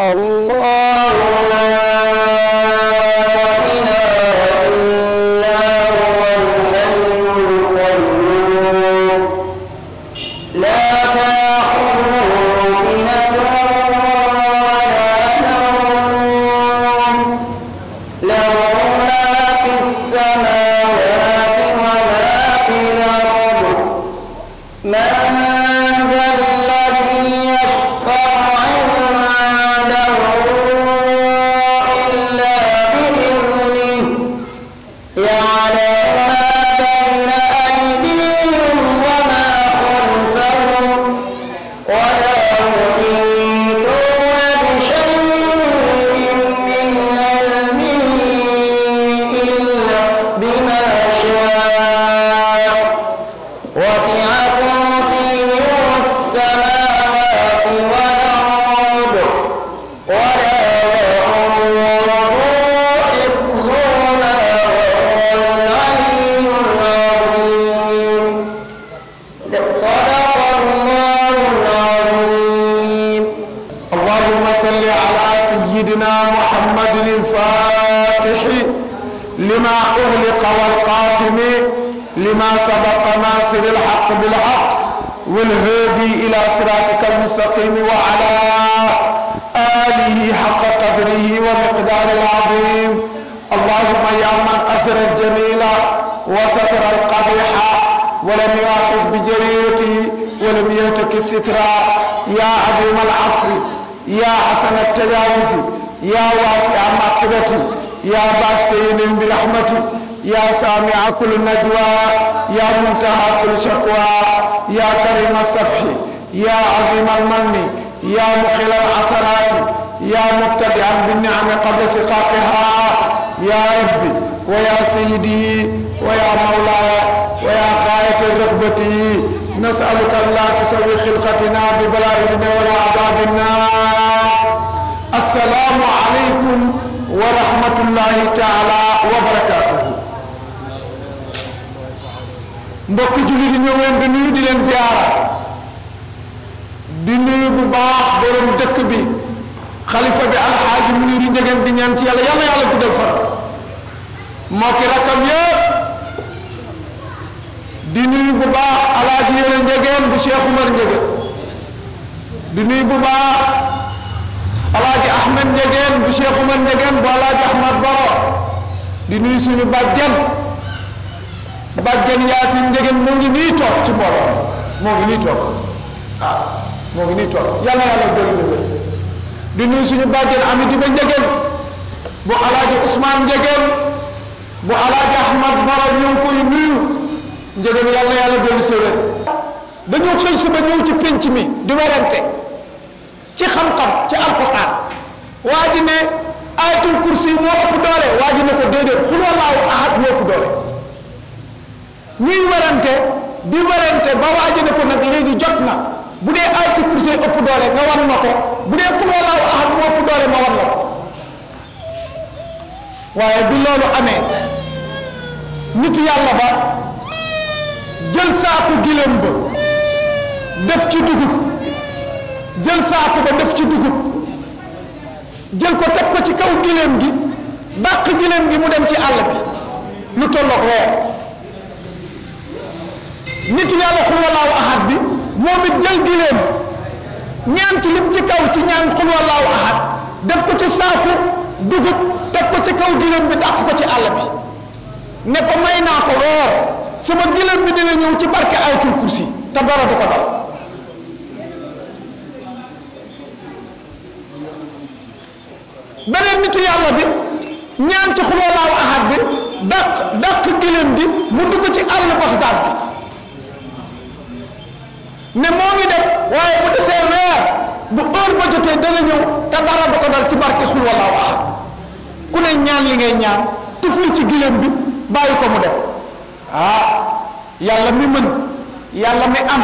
الله أغلق والقاتم لما سبق ناصر الحق بالحق والهادي إلى صراطك المستقيم وعلى آله حق قدره ومقدار العظيم اللهم يا من أسر الجميل وستر القبيح ولم يأخذ بجريرته ولم يهتك الستر يا عظيم العفو يا حسن التجاوز يا واسع مغفرتي يا باسين برحمتي يا سامع كل نجوى يا منتهى كل شكوى يا كريم الصفح يا عظيم المن يا مخل العثرات يا مبتدعا بالنعم قبل سقاقها يا ربي ويا سيدي ويا مولاي ويا غاية رغبتي نسألك الله تسوي خلقتنا ببلائنا ولا عذابنا السلام عليكم wa rahmatullahi taala wa barakaatuhu mbokk jullit yi ñoo ngi nuyu di leen ziyaara di nuyu bu baax borom dëkk bi xalifa bi alxaaji mu ngi njëgeen di ñaan ci yàlla yàlla yàlla guddal fan rakkam yëpp di nuyu bu baax alaaji yéen a njëgeen bu Umar njëgeen di nuyu bu baax alaaji ahmed njegeen bu cheikh umar bu alaaji ahmad baro di nuyu suñu bàjjen bàjjen yaasin njegeen moo ngi nii ci mbooloo moo ngi nii toog waaw ah, ngi nii toog yàlla yàlla dolli di nuyu suñu bàjjen ami di ba bu alaaji ousmane njegeen bu alaaji ahmad baro nuyu njegeen yàlla yàlla dolli sa wér dañoo xëy suba ñëw ci pénc mi di werante ci xam-xam ci alquran waa ji ne ayatul kursi moo ëpp doole waa ne ko déedéet xul wallaahu ahad moo ëpp doole ñuy werante di werante ba waa ne ko nag léegi jot na bu dee ayatul kursi ëpp doole nga wan ma ko bu dee xul wallaahu ahad moo ëpp doole ma wan la ko waaye bi loolu amee nit yàlla ba jël saaku gileem ba def ci dugub jël saako ba def ci dugub jël ko teg ko ci kaw gileem gi dàq gileem gi mu dem ci àll bi lu tolloog weer nit yàlla xulwalaaw ahad bi moom it jël gileem ñaan ci lim ci kaw ci ñaan xulwalaaw ahad def ko ci saako dugub teg ko ci kaw gileem bi dàq ko ci àll bi ne ko may naa ko weer sama gileem bi dina ñëw ci barke ayatul kursi te dara du ko dal beneen nitu yàlla bi ñaan ci xulolaaw ahad bi dàq dàq gëléem bi mu dugg ci àll baxdaat bi ne moo ngi dem waaye bu desee weer bu heure ba jotee dana ñëw te dara du ko dal ci barke xulolaaw ahad ku ne ñaan li ngay ñaan tufli ci gëléem bi bàyyi ko mu dem ah yàlla mi mën yàlla mi am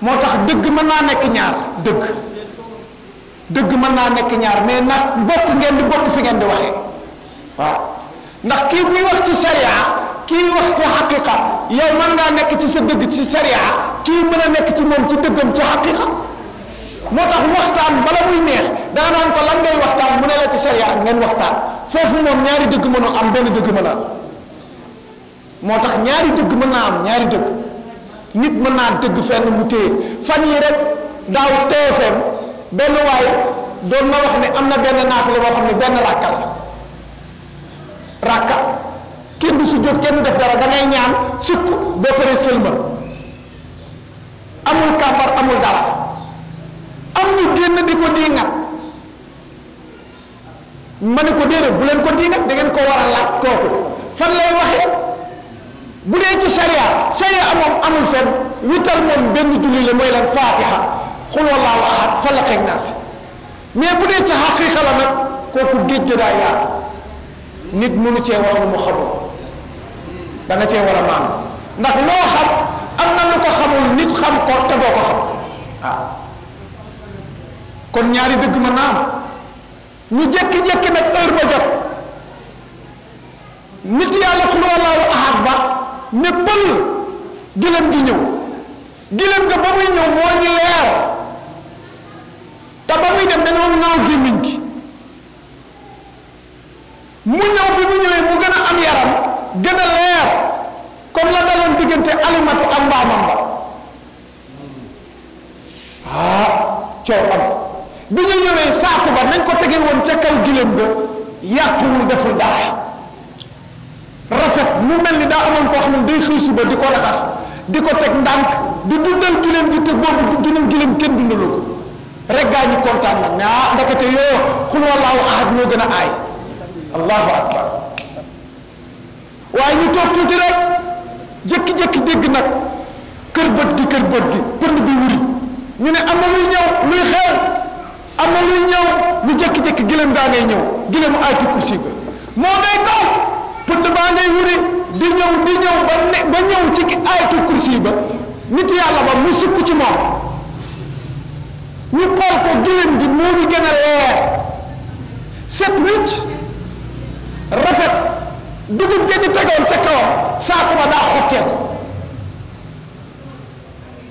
moo tax dëgg mën naa nekk ñaar dëgg deug man na nek ñaar mais nak bokk ngeen di bokk fi ngeen di waxe wa ndax ki bu wax ci sharia ki wax ci haqiqa yow man nga nek ci sa deug ci sharia ki meuna nek ci mom ci deugum ci haqiqa motax waxtan bala muy neex da nga nan ko lan ngay waxtan mu ne la ci sharia ngeen waxtan fofu mom ñaari deug mëna am ben deug mëna motax ñaari deug mëna am ñaari deug nit mëna deug fenn mu téye fan yi rek daaw TFM benn waay doon na wax ne am na benn naafila boo xam ne benn rakka la rakka kenn du si jóg kenn def dara da ngay ñaan sukk boo pare sëlmal amul kàmbar amul dara am ñu génn di ko diingat ma ne ko déedéet bu leen ko diingat da ngeen ko war a laaj kooku fan lay waxee bu dee ci sharia sharia moom amul fenn wital moom benn julli la mooy lan fatiha xul wallaahu ahad fa la xeeg naa si mais bu dee ci xaqiqa la nag kooku géej gi daa nit mënu cee mu xamul da nga a maanu ndax loo xam am na lu ko xamul nit xam ko te doo ko xam ah kon ñaari dëgg mën naa am ñu jékki nag heure ba jot nit yàlla xul wallaahu ahad ba ne pël gëlëm gi ñëw gëlëm nga ba muy ñëw moo ñu leer. te ba muy dem dañoo ñaaw gémmiñ gi mu ñëw bi mu ñëwee mu gën a am yaram gën a leer comme la daloon diggante alimatu ak mbaamam ba ah coow am bi ñu ñëwee saako ba nañ ko tege woon ca kaw gileem ga yàquwul deful dara rafet mu mel ni daa amoon koo xam ne day xëy suba di ko raxas di ko teg ndànk di dundal gi te boobu dundal kenn ko rek gaa ñi kontaan nag ne ah ndekete yoo xul wallaahu ahad moo gën a aay allahu akbar waaye ñu toog tuuti rek jékki-jékki dégg nag kër bët gi kër bët gi pënd bi wuri ñu ne am na luy ñëw luy xew am na luy ñëw ñu jékki-jékki gileem gaa ngay ñëw gileemu aaytu kursi ga moo ngay kaw pënd baa ngay wuri di ñëw di ñëw ba ñëw ci aaytu kursi ba nit yàlla ba mu sukk ci moom ñu xool ko gëlëm di moo ñu gën a leer set wicc rafet dugub ja ñu tegoon ca kawam saako ba daa xottee ko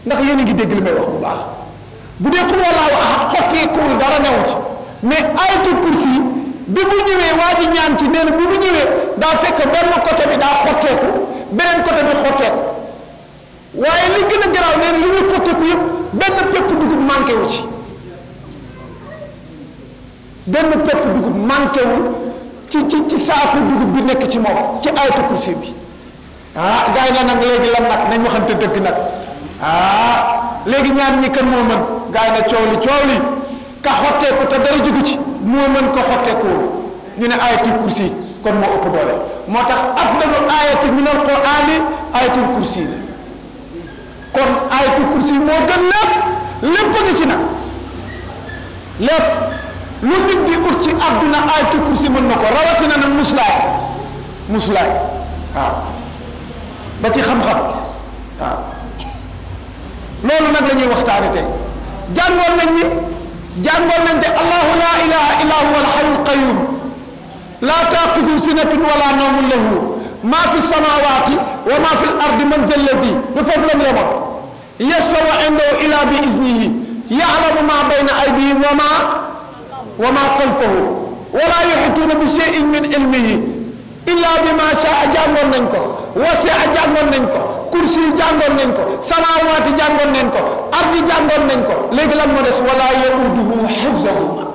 ndax yéen a ngi dégg li may wax bu baax bu dee xul wallaahu ahad xotteekuwul dara newu ci mais ayatul kursi bi mu ñëwee waa ji ñaan ci nee bi mu ñëwee daa fekk benn côté bi daa xotteeku beneen côté bi xotteeku waaye li gën a garaaw nee li muy xotteeku yëpp. benn pepp dugub manqué wu ci benn pepp dugub manqué wul ci ci ci saaku dugub bi nekk ci moom ci ayatu kursi bi ah gaa yi nag léegi lan nag nañ waxante dëgg nag ah léegi ñaar ñi kan moo mën gars yi na coow li coow li ka xotteeku te dara jugu ci moo mën ko xotteekuwul ñu ne ayatul kursi kon moo ëpp doole moo tax afdalu ayati min alqurani ayatul kursi la kon ayatul kursi moo gën lépp lépp a ngi ci nag lépp lu nit di ut ci kursi mën na ko rawatina nag muslaay muslaay ba ci xam-xam waaw loolu nag la ñuy waxtaane tey jàngoon nañ ni jàngoon nañ la ilaha illa huwa alxayul qayum la taaxudu sinatun wala nawmun lahu ما في السماوات وما في الأرض من ذا الذي بفضل يمر يشفع عنده الى بإذنه يعلم ما بين أيديهم وما وما خلفه ولا يحيطون بشيء من علمه إلا بما شاء جانغون ننكو وسع جانغون ننكو كرسي جانغون ننكو سماوات جانغون ننكو أرض جانغون ننكو لكن لما ولا يؤوده حفظهما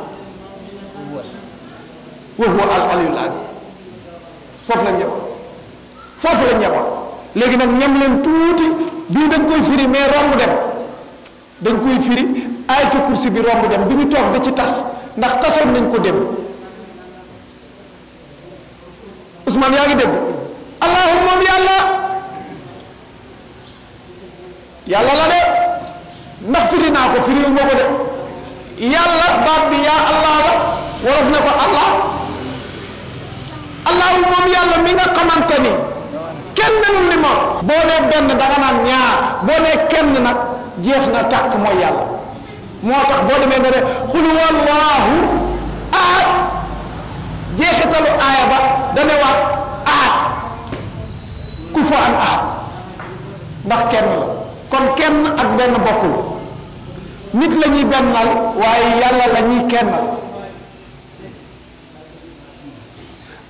وهو العلي العظيم فوف لا foofu la ñamoon léegi nag ñam leen tuuti bii dañ koy firi mais romb dem dañ koy firi ayatul kursi bi romb dem bi ñu toog da ci tas ndax tasoon nañ ko dem Ousmane yaa ngi dégg allahu moom yàlla yàlla la de ndax firi naa ko firi ko de yàlla baat bi yaa allah la warof ne ko allah allahu moom yàlla mi nga xamante kenn melul ni boo nee benn da naan ñaar boo nee kenn nag jeex na tàkk mooy yàlla moo tax boo demee ba ne xul wallahu ahad jeexitalu aaya ba dane waat ahad ku fa an ndax kenn la kon kenn ak benn bokkul nit la ñuy bennal waaye yàlla la ñuy kennal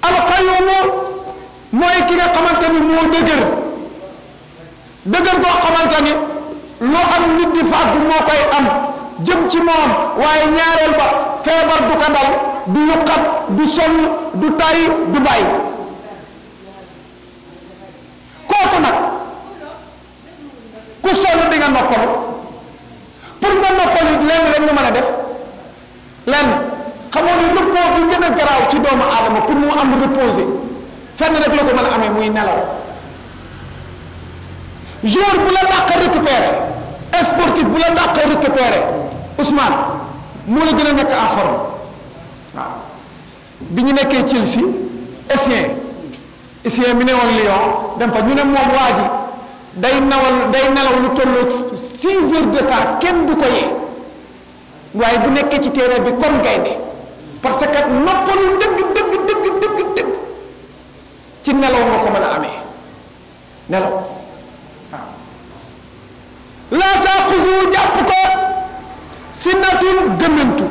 alqayumu mooy ki nga xamante ni moo dëgër dëgër boo xamante ni lu am nit di fàggu moo koy am jëm ci moom waaye ñaareel ba feebar du ko dal du yuqat du sonn du tay du bàyyi kooku nag ku sonn di nga noppalu pour nga noppal yi lenn rek ñu mën a def lenn xamoo ni repos bi gën a garaaw ci doomu aadama pour mu am reposer fenn rek la ko amee muy nelaw joueur bu la dàq récupéré sportif bu la dàq récupéré Ousmane mu la gën a nekk en forme bi ñu nekkee Chelsea Essien Essien bi ne woon Lyon dem fa ñu ne moom waa day nawal day nelaw lu tollu six heures de temps kenn du ko yee waaye bu nekkee ci terrain bi comme gaynde parce que noppalu dëgg dëgg dëgg dëgg dëgg ci nelaw nga ko mën a amee nelaw waaw laa taaxuzu jàpp ko sinnatun gëmmantu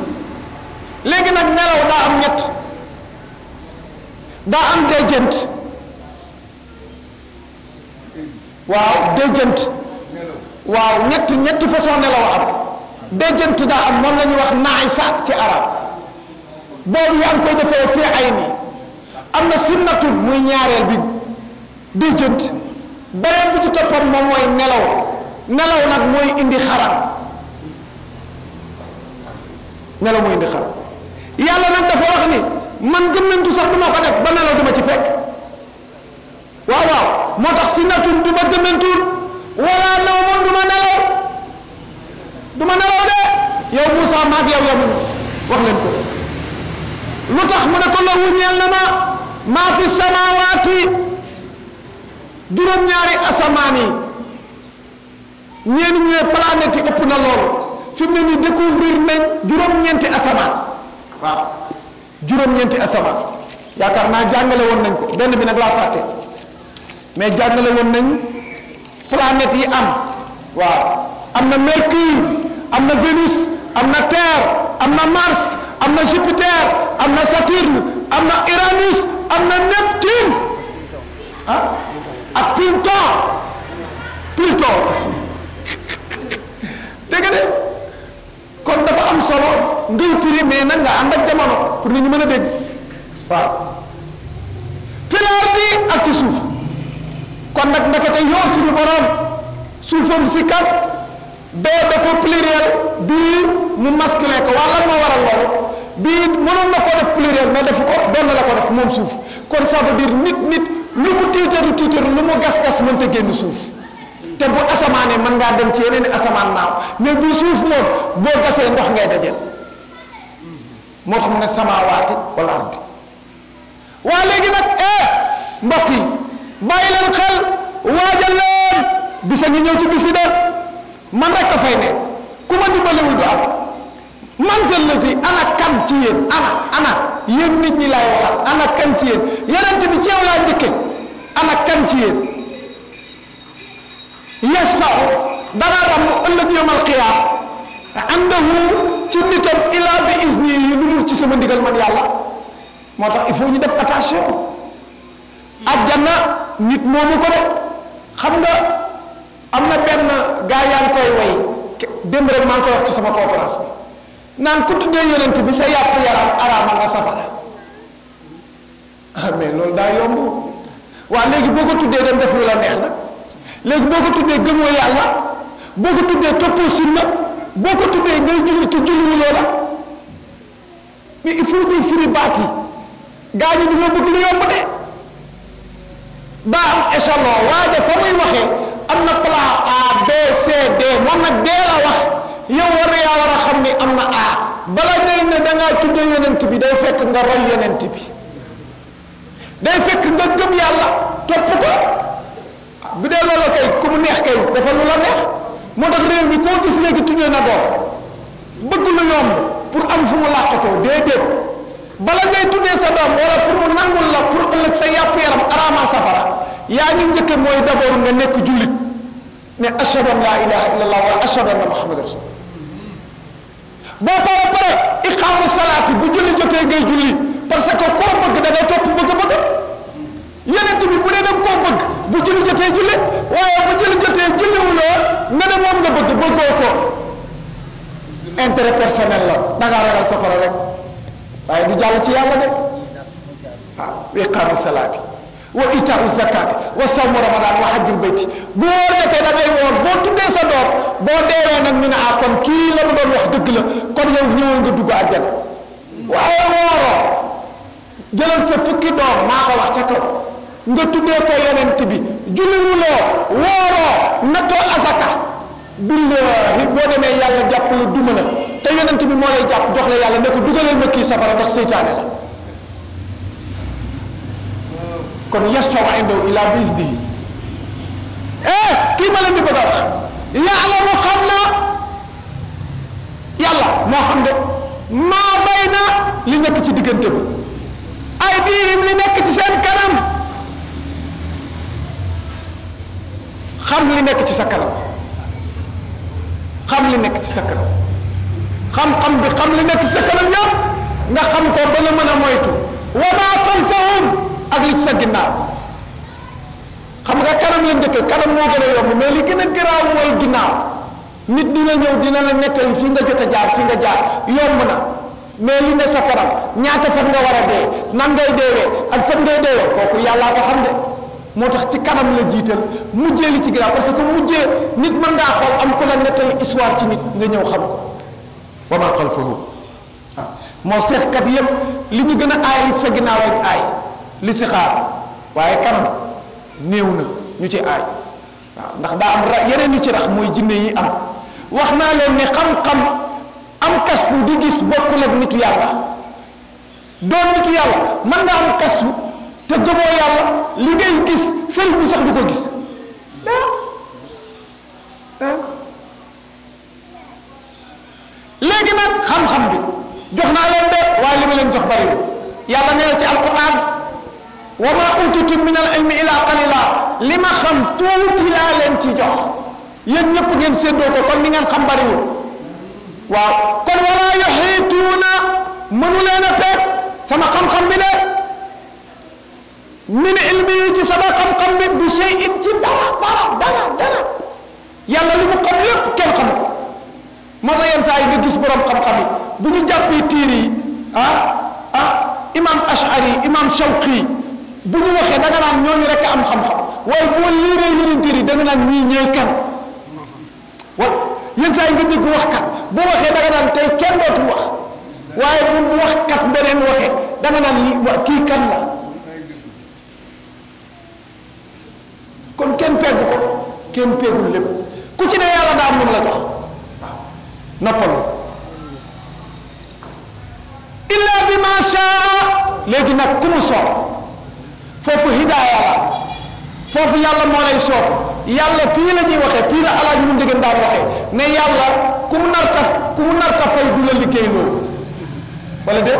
léegi nag nelaw daa am ñett daa am déjënt waaw déjënt waaw ñetti ñetti façon nelaw am déjënt daa am moom la wax naay saak ci arab boobu yaa koy defee fii ay nii am na sunnatun muy ñaareel bi déjjant beneen bu ci toppam moom mooy nelaw nelaw nag mooy indi xaram nelaw mooy indi xaram yàlla nag dafa wax ni man gëm nañ tu du ma ko ba nelaw duma ci fekk waaw waaw moo tax sunnatun du ma gëmantuul wala naw moom nelaw du ma nelaw de yow Moussa maag yow yamuñ wax leen ko lu tax mu ne ko la wuñeel na ma maa fi samaawaati juróom-ñaari asamaan yi ñeen ñu ne planète yi ëpp na loolu fi mu ne nii découvrir juróom-ñeenti asamaan juróom-ñeenti asamaan yaakaar naa jàngale woon nañ ko benn bi nag laa fàtte mais jàngale woon yi am waaw am na mercure am na Vénus na terre am na mars am na Jupiter am na Saturne am na ñëpp tiim ah ak Pluton Pluton dégg de kon dafa am solo ngay firi mais nag nga ànd ak jamono pour nit ñi mën a dégg waaw bi ak ci suuf kon nag ndekete yoo suñu borom suufam si kat bee dafa pluriel bii mu masculé ko wala moo waral loolu bii mënoon na koo def pluriel mais defu ko benn la ko def moom suuf kon ça veut nit nit lu mu tiitaru tiitaru lu mu gas gas mënta génn suuf te bu asamaanee mën ngaa dem ci yeneen asamaan naaw mais bu suuf moom boo gasee ndox ngay dajel moo xam mu ne samaawaati wala ardi waa léegi nag eh mbokk yi bàyyi leen xel waajal leen bisa ngi ñëw ci bisi de man rek a fay ne ku ma dimbalewul du am man jël la ana kan ci yéen ana ana yéen nit ñi laay waxal ana kan ci yéen yonent bi ci yow laa njëkke ana kan ci yéen yasfau dana ram ëllëg yawmal qiyaam andahu ci nitam ilaa bi isni yi lu dul ci sama ndigal man yàlla moo tax il faut ñu def ak ajjana nit moomu ko de xam nga am na benn gaa yaa ngi koy way démb rek maa ngi koy wax ci sama conférence naan ku tuddee yonent bi sa yàpp yaram araama nga safara ah loolu daa yomb waa léegi boo ko tuddee dem def la neex nag léegi boo ko tuddee gëmoo yàlla boo ko tuddee toppoo sunna boo ko tuddee ngay julli te julliwu loola mais il faut firi baat gaa ñi dañoo bëgg lu yomb de daa am échelon waaye de muy waxee am na plan A B C D moom nag dee la wax. yow war yaa war a xam ni am na aar bala ngay ne da ngaa tudde bi day fekk nga roy yonent bi day fekk nga gëm yàlla topp bu dee loolu kay ku mu neex kay dafa lu la neex moo tax réew mi koo gis léegi tuddee na doom bëgg lu yomb pour am fu mu làqatoo déedéet bala ngay tuddee sa doom wala safara yaa ngi njëkke mooy d'abord nga nekk jullit ne ashhadu an laa ilaha illallah wa ashhadu anna muhammadan rasulullah boo paree pare iqaamu salaati bu julli jotee ngay julli parce que koo bëgg da ngay topp bëgg-bëgg yeneen bi bu dee dem bëgg bu julli jotee julli waaye bu julli jotee julliwuloo nga ne moom nga bëgg bëggoo ko intérêt personnel la da ragal safara rek waaye du jàll ci yàlla de ah iqaamu salaati wa itaau zakat wa sawmu ramadan wa hajjul bayti bu wóor jotee da ngay woor boo tuddee sa doom boo deewee nag ñu ne ah, kon kii la mu doon la kon yow ñëwal nga dugg àjjana waaye wooroo jëlal sa fukki doom maa ko wax ca kaw nga tuddee ko yonent bi julliwuloo wooroo nattoo asaka billahi boo demee yàlla jàpp la duma la te yonent bi moo lay jàpp jox la yàlla ne ko dugaleel ma kii safara ndax seytaane la kon yasfau indahu ila bi iznihi eh kii ma leen di bëgg a wax ya'lamu xam na yàlla moo xam de maa bay na li nekk ci diggante bi ay diim li nekk ci seen kanam xam li nekk ci sa kanam xam li nekk ci sa kanam xam-xam bi xam li nekk ci sa kanam yëpp nga xam ko ba la mën a moytu wa maa tanfahum ak li ci sa ginnaaw xam nga kanam la njëkk kanam moo gën a yomb mais li gën a garaaw mooy ginnaaw nit dina ñëw dina la nettali fii nga jot a jaar fii nga jaar yomb na mais li ne sa kanam ñaata fan nga war a dee nan ngay deewee ak fan ngay deewee kooku yàllaa ko xam de moo tax ci kanam la jiital mujjee li ci ginnaaw parce que mujjee nit mën ngaa xool am ku la nettali histoire ci nit nga ñëw xam ko wa maa xalfahu waaw ah. moo seexkat yëpp li ñu gën a aay li sa ginnaaw li listixaar waaye kanam néew na ñu ci aaj waaw ndax daa am ra yeneen ñu ci rax mooy jinne yi am wax naa leen ni xam-xam am kasfu di gis bokkul ak nitu yàlla doon nitu yàlla mën nga am kasfu te gëmoo yàlla li ngay gis sëriñ bi sax du ko gis léegi nag xam-xam bi jox naa leen de waaye li ma leen jox bariwul yàlla nee na ci alquran wa ma utitu min al ilmi ila qalila lima xam tuuti la len ci jox yeen ñëpp ngeen séddoo ko kon ni ngeen xam bari wu wa kon wala yuhituna manu leena pek sama xam-xam bi ne min ilmi ci sama xam-xam bi bi shay in ci dara dara dara dara yalla lu mu xam lépp kenn xam ko mo tax yeen say yi nga gis borom xam-xam bi bu ñu jàppee tiri yi ah ah imam ashari imam shawqi bu ñu waxee da nga naan ñooñu rek am xam-xam waaye boo liiree yeneen téere yi da nga naan ñii ñooy kan wa wax kat boo waxee da tey kenn dootu wax waaye bu wax kat beneen waxee da nga naan wa la kon kenn peggu ko kenn peggul lépp ku ci ne yàlla daal ñu la jox waaw noppalu illa bi ma sha léegi nag ku mu foofu hidaaya la foofu yàlla moo lay soob yàlla fii la ñuy waxee fii la alaaj mu njëgën daan waxee ne yàlla ku mu nar taf ku mu nar ta fay du la liggéey loolu wala de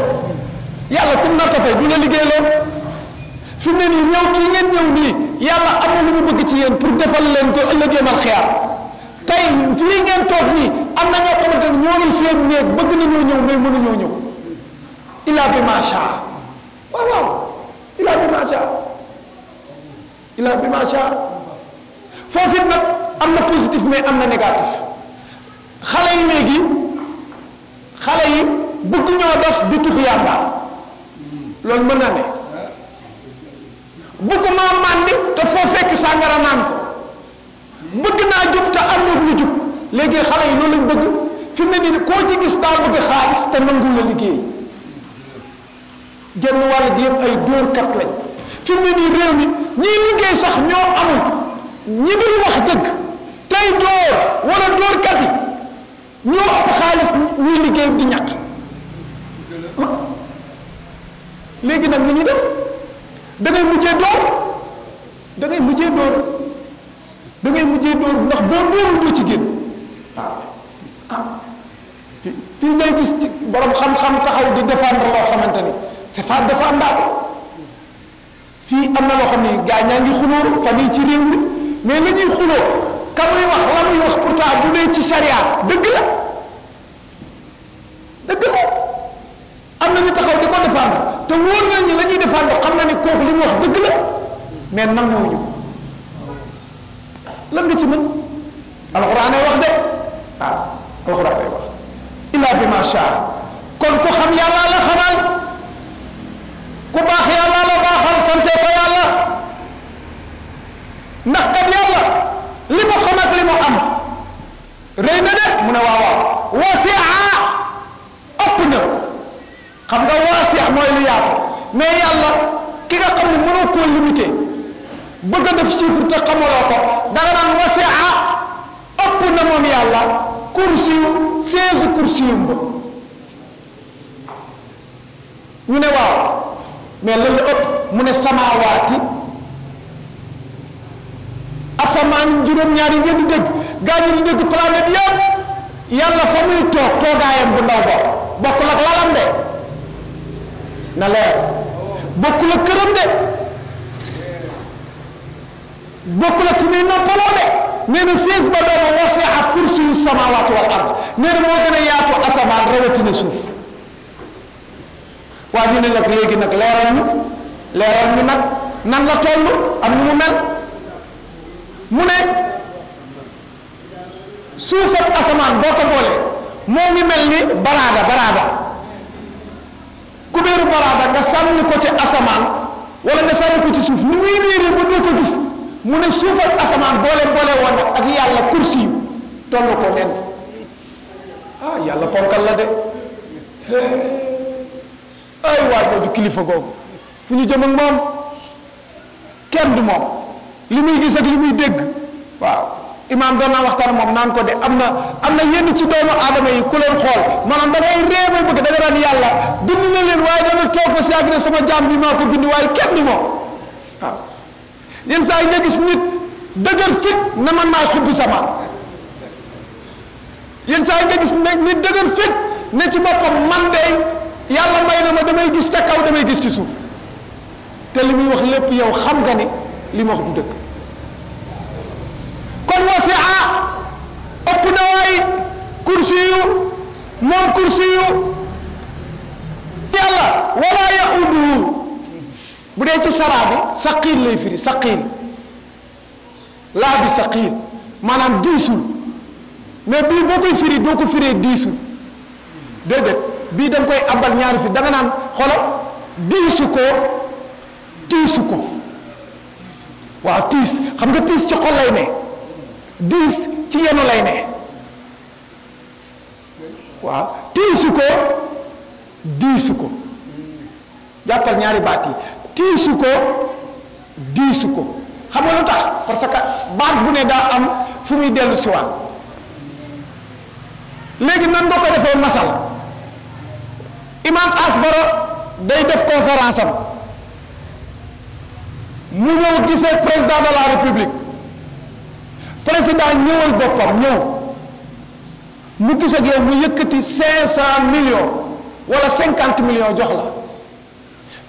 yàlla ku mu nar ta fay du la liggéey loolu fi mu ne nii ñëw kii ngeen ñëw nii yàlla amul lu mu bëgg ci yéen pour defal leen ko ëllëg yemal xiyaar tey fii ngeen toog nii am na ñoo xamante ne ñoo ngi seen néeg bëgg nañoo ñëw mais mënuñoo ñëw illa bi macha waaw waaw il a bi macha il a bi macha foofu it nag am na positif mais am na négatif xale yi léegi xale yi bëgg ñoo def di tux yàmba loolu mën na ne bëgg maa màndi te foo fekk sàngara naan ko bëgg naa jub te am na lu jub léegi xale yi loolu bëgg fi ne nii koo ci gis daal bëgg xaalis te nangu la liggéey. genn wàll gi yëpp ay dóorkat lañ fi ne nii réew mi ñii liggéey sax ñoo amul ñi dul wax dëgg tey dóor wala dóorkat yi ñoo ëpp xaalis ñuy liggéey di ñàkk léegi nag ni ñuy def da mujjee dóor da mujjee dóor da mujjee dóor ndax boo dóorul doo ci génn waaw ah, ah. fii fii ngay gis ci borom xam-xam taxaw di défendre loo xamante ni Safaan dafa am daal fii am na loxo xam ne gaa ñaa ngi ci réew mi mais la ñuy xulóo ka muy wax la muy wax pourtant bu dee ci charia dëgg la dëgg la am na ñu taxaw di ko défendre te wóor na ñu la ñuy défendre xam na ni kooku li mu wax dëgg la mais nanguwuñu ko lan nga ci mën alxuraan ay wax de waaw bi macha kon ko xam yàlla la xamal. ku baax yàlla la baaxal sante ko yàlla ndax li mu xam li mu am rëy na mu ne waaw waaw wasia ëpp na xam nga wasia mooy lu yaatu mais yàlla ki nga xam ne mënoo koo limité bëgg a def chiffre te xamuloo ko danga naan wasia ëpp na moom yàlla kursiyu seize kursiyum ba ñu ne waaw mais lan la ëpp mu ne samaawaati asamaan juróom-ñaari ngeen di dégg gaa ñi di dégg planète yëpp yàlla fa muy toog toogaayam bu ndaw ba bokkul ak lalam de na leer bokkul ak këram de bokkul ak fi muy noppaloo de nee na siis ba doon wasi'a kursiyu samaawaati wal ard nee na moo gën a yaatu asamaan rawatina suuf. waaye ñu ne nag léegi nag leeral ñu leeral ñu nag nan la toll am nu mu mel mu ne suuf ak asamaan boo ko boolee moo ngi mel ni baraada baraada kubéeru baraada nga sànni ko ci asamaan wala nga sànni ko ci suuf ni muy réeree ba doo ko gis mu ne suuf ak asamaan boole boole woon ak yàlla kursi yu toll ko nen ah yàlla ponkal la de ay waay boobu kilifa googu fu ñu jëm ak moom kenn du moom li muy gis ak li muy dégg waaw imaam doon naa waxtaan moom naan ko de am na am na yenn ci doomu aadama yi ku leen xool maanaam da ngay réew bëgg da daan yàlla bind na leen waaye dana toog ba si àgg ne sama jaam bi maa ko bind waaye kenn du moom yenn saa yi gis nit dëgër fit na man maa xubbi sama yenn saa yi gis nit dëgër fit ne ci boppam man yàlla may na ma damay gis ca kaw damay gis ci suuf te li muy wax lépp yow xam nga ni li mu wax du dëgg kon wasi'a ëpp na waay kursi moom kursi yu wala yauduhu bu dee ci saraa bi lay firi saqiin laa bi saqiin maanaam diisul mais bii boo koy firi doo ko firee diisul déedéet bii da koy abal ñaari fii da naan xolo diisu ko tiisu ko waaw tiis xam nga tiis ci xol lay ne diis ci yenu lay ne waaw tiisu ko diisu ko jàppal ñaari baat yi tiisu ko diisu ko xam nga lu tax parce que baat bu ne daa am fu muy dellu léegi nan nga ko defee masal imam asbaro day def conférence am mu ñëw gisee président de la république président ñëwal boppam ñëw mu gis ak yow mu yëkkati cinq cent millions cinquante millions jox la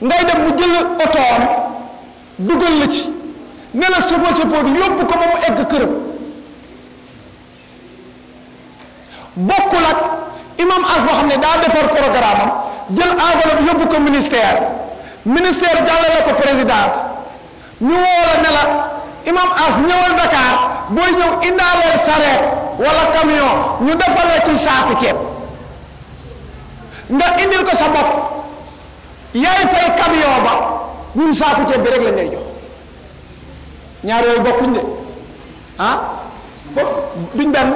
ngay dem mu jël otoom dugal la ci ne la chauffeur chauffeur yóbbu ko ba mu egg këram bokkul ak imam as xam ne daa defar programme jël enveloppe yóbbu ko ministère ministère jàllale ko présidence ñu woo la ne la imam as ñëwal Dakar booy ñëw indaaleel sareet wala camion ñu defal la ci saaku ceeb nga indil ko sa bopp yaay fay camion ba ñun saaku ceeb bi rek lañ jox ñaar yooyu bokkuñ de ah duñ benn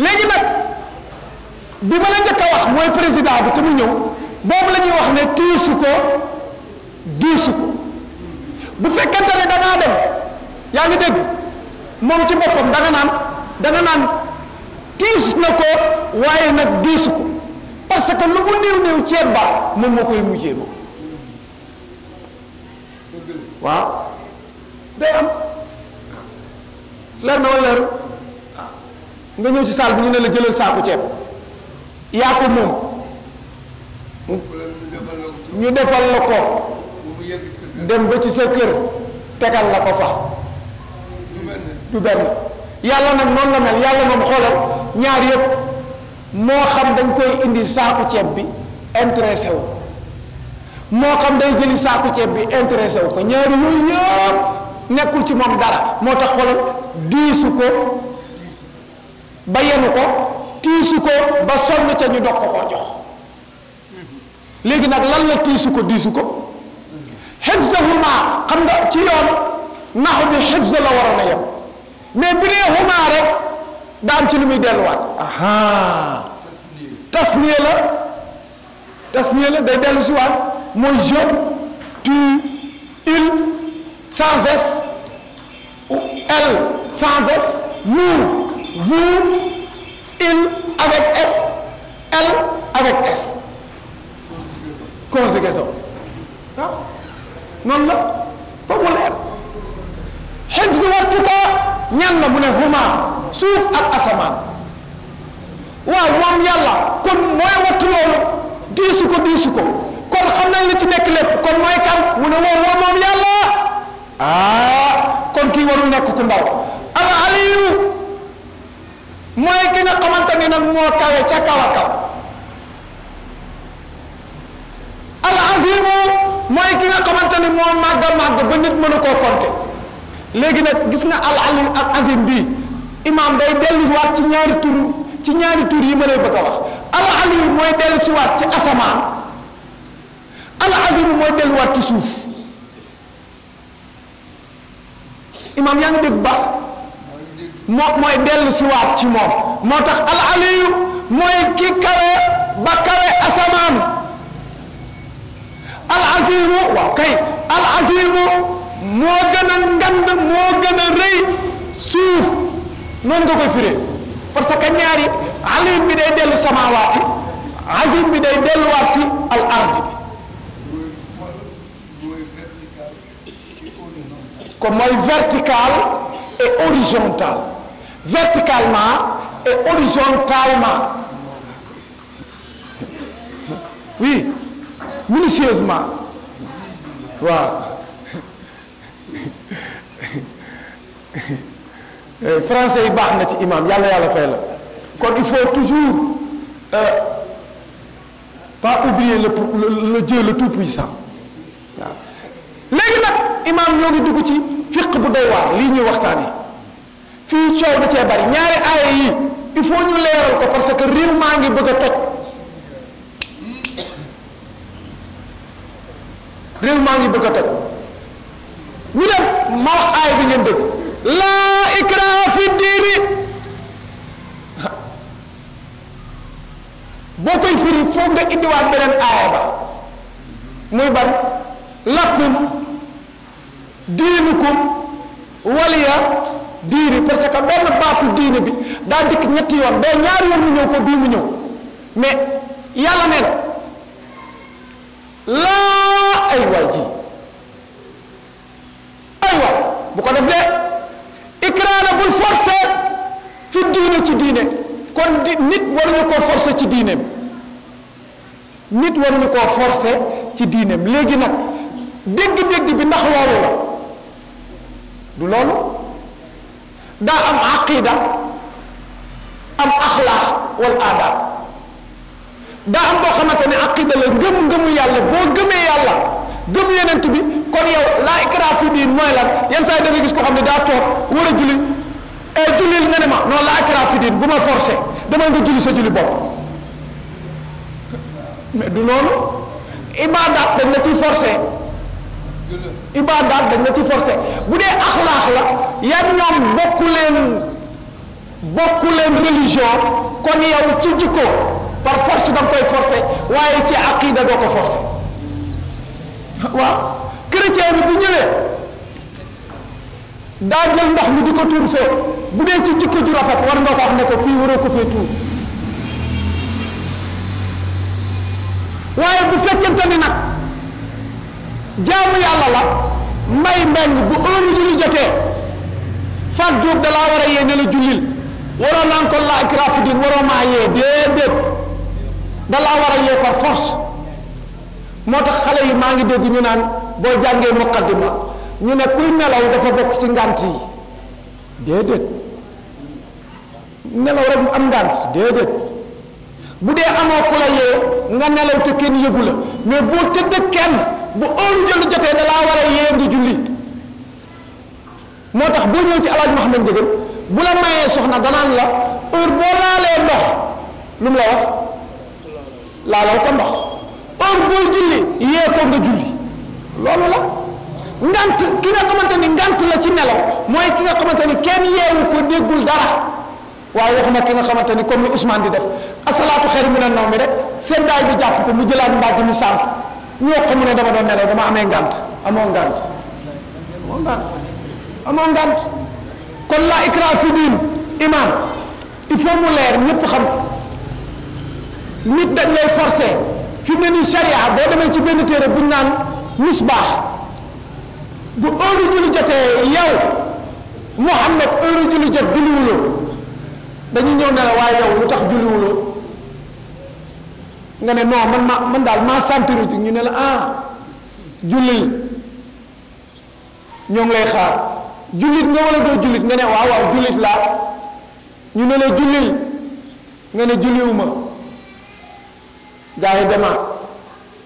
léegi nag bi ma la njëkk a wax mooy président bi te mu ñëw boobu la ñuy wax ne tiisu ko diisu ko bu fekkante ne da dem yaa ngi dégg moom ci boppam da nga naan da nga naan tiis na ko waaye nag diisu ko parce que lu mu néew néew ceeb ba moom moo koy mujjee moom waaw day am leer na wala leer nga ñëw ci saal bi ñu ne la jëlal saako ceeb yaa ko moom ñu defal la ko dem ba ci sa kër tegal la ko fa du benn yàlla nag noonu la mel yàlla moom xoolal ñaar yëpp moo xam dañ koy indi saaku ceeb bi intéressé wu ko moo xam day jëli saaku ceeb bi intéressé wu ko ñaari yooyu yëpp nekkul ci moom dara moo tax xoolal diisu ko ba yenu ko tiisu ko ba sonn ca ñu dog ko koo jox léegi nag lan la tiisu ko diisu ko xam nga ci yoon naxu bi xifsa la waroon a bi nee huma rek daam ci lu muy delluwaat aha tasniye la tasniye la day dellu si waat mooy je il sans s elle sans il avec s elle avec s conséquence waaw ah, noonu la foofu mu leer xifs wattu ko ñan la mu ne huma suuf ak asamaan waaw moom yàlla kon mooy wattu loolu diisu ko kon xam nañ li ci nekk lépp kon mooy kan mu ne woo woo moom yàlla ah, kon kii warul nekk ku ndaw al aliyu mooy ki nga xamante ni nag moo kawe ca kaw a kaw al azimu mooy ki nga xamante ni a màgg léegi nag gis na al ali ak azim ci ñaari tur yi ma lay bëgg a wax al ali mooy dellusiwaat ci mooy delluwaat ci suuf imam yaa ngi dégg baax moo mooy dellusiwaat ci moom moo tax al aliyu mooy ki kawe ba kawe asamaan. al azimu waaw kay al azimu moo gën a ngand moo gën a rëy suuf noonu nga koy firee parce que ñaari alim bi day dellu samawaati azim bi day delluwaat ci al ardi kon mooy vertical et horizontal verticalement et horizontalement oui minutieusement waaw eh, français yi baax na ci imam yàlla yàlla fay la kon il faut toujours euh, pas oublier le, le, le Dieu le tout puissant waaw léegi nag imam ñoo ngi dugg ci fiq bu doy waar lii ñuy waxtaanee fii coow da cee bari ñaari aaya yi il faut ñu leeral ko parce que réew maa ngi bëgg a toj réew maa ngi bëgg a toj ñu dem ma wax aay bi ngeen dégg laa ikraa fi diini boo koy firi foog nga indiwaat beneen aaya ba muy ban lakum diinukum waliya diini parce que benn baatu diini bi daa dikk ñetti yoon day ñaari yoon ñëw ko bii mu ñëw mais yàlla nee laa ay waay ji ay waay bu ko def de ikraana bul forcer fi diine ci diine kon di nit waruñu koo forcer ci diineem nit waruñu koo forcer ci diineem léegi nag dégg-dégg bi ndax loolu la du loolu daa am aqida am axlaax wal aadaab daa am boo xamante ne aqida la ngëm ngëmu yàlla boo gëmee yàlla gëm yenent bi kon yow laa ikra fi diin mooy lan saa yi da nga gis ko xam ne daa toog war a julli ee eh, jullil nga ne ma non laa ikra fi bu ma forcé dama nga julli sa julli bopp mais du loolu ibaadaat dañ la ciy forcé ibaadaat dañ la ciy forcé bu dee axlaax la yan ñoom bokku leen bokku leen religion kon yow ci jikko par force dang koy forcer waye ci aqida do ko forcer wa chrétien bu ñëwé da jël ndox mi diko ko tuur bu dé ci jikko ju rafet war nga ko wax ne ko fi waroo ko fee tuur waaye bu fekkenta ni nak jaamu yalla la may mbeng bu onu julli jotté fa jóob da la wara yé yee ne la julil waro naan ko la ikrafu din waroo maa yee déedéet dalaa war a yee par force moo tax xale yi maa ngi dégg ñu naan boo jàngee muqaddima ñu ne kuy nelaw dafa bokk ci ngant yi déedéet nelaw rek am ngant déedéet bu dee amoo ku la yee nga nelaw te kenn yëgu la mais boo tëdd kenn bu óolu jëlu jotee dalaa war a yee ngi julli moo tax boo ñëw ci alaaj Muhammad Ndieguene bu la mayee soxna danaan la heure boo laalee ndox lu mu la wax laalal ko ndox heure booy julli yee ko nga julli loolu la ngant ki nga xamante ni ngant la ci nelaw mooy ki nga xamante ni kenn yeewu ko déggul dara waaye waxuma ki nga xamante ni comme ni Ousmane di def asalaatu xayru mina nawm mi rek seddaay bi jàpp ko mu jëlaat mbàgg mu sànq ñoo ko mu ne dama doon nelaw dama amee ngant amoo ngant amoo ngant amoo ngant kon la ikra fi diin imam il faut mu leer nit dañ lay forcer fi mu ne nii charia boo demee ci benn téere buñ naan misbaax bu heure julli jotee yow Muhammad heure julli jot julliwuloo dañuy ñëw ne la waaye tax julliwuloo ne non man ma man daal maa sentir ñu ne la ah, ngi lay xaar jullit nga wala doo jullit nga ne waaw waaw jullit laa ñu ne la jullil nga ne julliwuma gaa yi demaat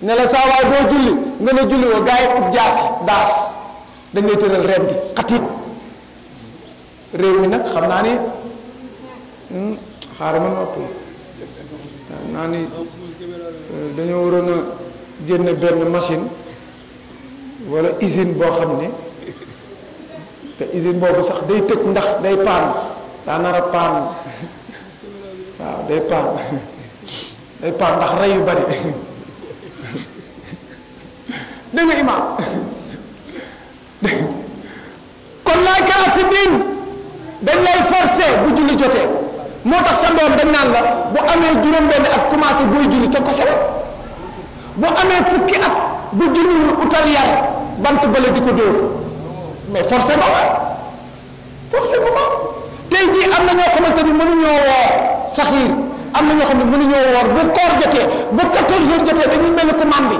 ne saa waay boo julli nga julli woo gaa yi ub jaas daas dañ lay tëral reen gi xatiit réew mi nag xam naa ni hmm, xaaral ma noppi xam naa ni euh, dañoo waroon a génne benn machine wala usine boo xam ne te usine boobu sax day tëj ndax day paan daa nar a waaw day paan day eh, paar ndax rey yu bari dégg nga imaam kon laa kara fi diin bu julli jotee moo tax sa doom dañ bu amee juróom-benn at commencé booy julli te ko solo bu amee fukki at bu julliwul utal yar bant bële di ko dóor mais forcé ba forcé ba tey jii am na ñoo xamante ni mënuñoo saxiir am na ñoo xam ne mënuñoo woor bu koor jotee bu 14 jours jotee dañuy mel ni ku màndi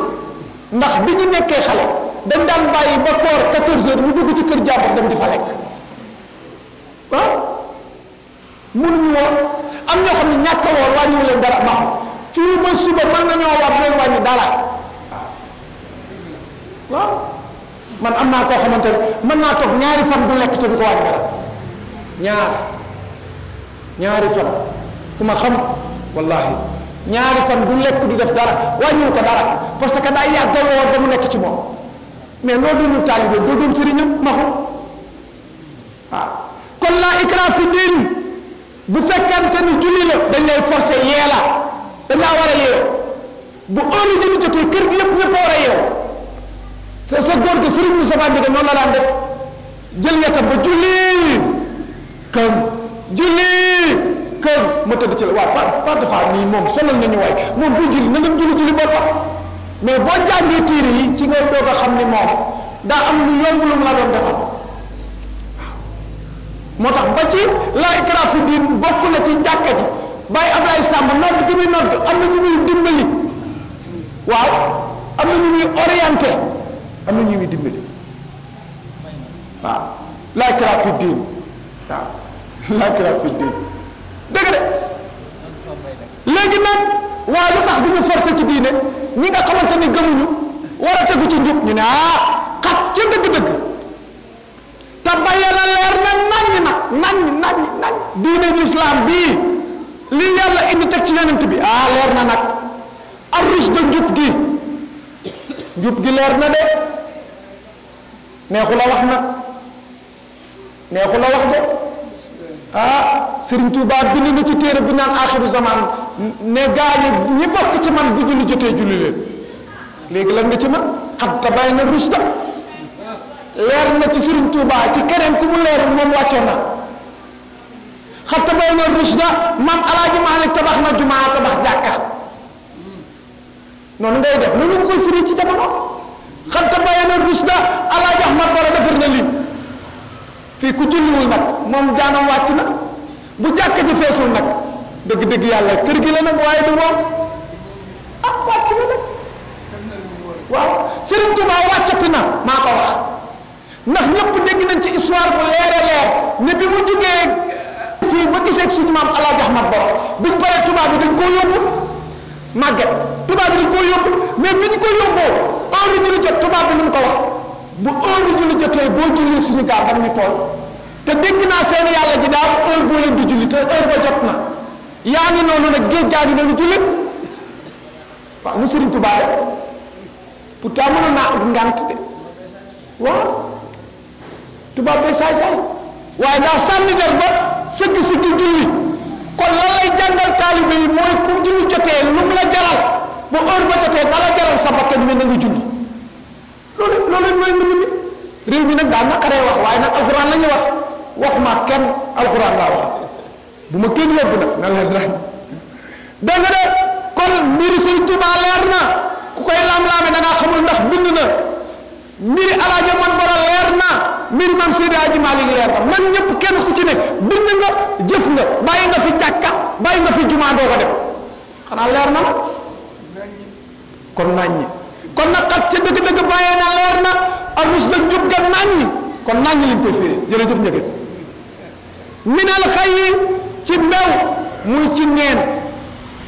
ndax bi ñu nekkee xale dañ daan bàyyi ba koor 14 jours mu dugg ci kër jàmbur dem di fa lekk ah mënuñu woor am ñoo xam ne ñàkk a woor wàññiwu leen dara baaxul fii ba suba mën nañoo woor leen wàññi dara waaw man am naa koo xamante ne mën naa toog ñaari fan du lekk te du ko wàññi dara ñaar ñaari fan. ku ma xam wallahi ñaari fan du lekk du def dara wàññiwu ko dara parce que daa yàggal woon ba mu nekk ci moom mais loo doonul taalibe doo doon sëriñam maxu waaw kon laa ikraa bu fekkente ni julli la dañ lay forcé yee la dañ laa war a yeew bu heure julli jotee kër gi yëpp ñëpp a war a yeew sa sa góor gi sëriñ Moussa Ndiaye noonu la daan def jël ñettam ba julli kam julli heure ma tëdd ci la waaw par par de fois nii moom sonal nañu waay moom bu julli na dem julli julli boppam mais boo jàngee téere yi ci nga doog a xam ni moom daa am lu yomb lu mu la doon defal moo tax ba ci la ikra fi diin bokk na ci jàkka ji bàyyi Ablaye Samb nodd ci muy nodd am na ñu muy dimbali waaw am na ñu muy orienté am na ñu muy dimbali waaw la ikra waaw la ikra dëgg de léegi nag waaye lu tax du ñu forcé ci diine ñi nga xamante ni gëmuñu war a tegu ci njub ñu ne ah xat ci dëgg-dëgg te na leer na naññ nag diine lislaam bii lii yàlla indi teg ci yonent bi ah leer na nag arus de njub gi njub gi leer na de neexu wax nag neexu wax de ah Serigne Touba bind na ci téere bi naan axiru zaman ne gaa yi ñi bokk ci man bu julli jotee julli leen léegi lan nga ci man xat tabay na rusta leer na ci Serigne Touba ci keneen ku mu leerul moom wàccoon na xat tabay na rusta maam Alaaji Maalik tabax na jumaa tabax jàkka noonu ngay def noonu nga koy firi ci jamono xat tabay na rusta Alaaji Ahmad Bara defar na lii fii ku julliwul nag moom jaanam wàcc na bu jàkka ji feesul nag dëgg-dëgg yàlla kër gi la nag waaye du woor ah wàcc na nag waaw Serigne Touba wàccati na maa ko wax ndax ñëpp dégg nañ ci histoire bu leer a leer ne bi mu jugee fii ba gisee ak suñu maam El Hadj Ahmad Boro biñ paree Touba bi dañ koo yóbbu màgget Touba bi dañ koo yóbbu mais biñ ko yóbboo mu ko bu heure julli jotee boo julli suñu gaar dañ ñu tool te dégg naa seen yàlla ji daal heure boo leen di julli te heure ba jot na yaa ngi noonu nag géej gaa ngi noonu jullit waaw mu Sëriñ Tuubaa def pourtant mënoon naa ut ngant de waaw tubaab day saay-saay waaye daa sànni der ba sëgg sëgg julli kon lan lay jàngal taalibe yi mooy ku julli jotee lu mu la jaral bu heure ba jotee na jaral sa bakkan mi na nga julli loolu loolu mooy mbir mi réew mi nag daa naqaree wax waaye nag alxuraan la ñuy wax wax ma kenn alxuraan laa wax bu ma kenn yóbbu nag na leer na dégg de kon mbiri sëñ Tuuba leer na ku koy laam-laame da ngaa xamul ndax bind na mbiri alaaja man bala leer na mbiri maam Seydi Malik leer na man ñëpp kenn ku ci ne bind nga jëf nga bàyyi nga fi jàkka bàyyi nga fi jumaa doo ko def xanaa leer na kon nañ kon nag xat ci deug deug baye na leer na amus mus na jub ga nañ kon nàññi lañ koy firi jërëjëf njëkkat minal xay yi ci mbew muy ci neen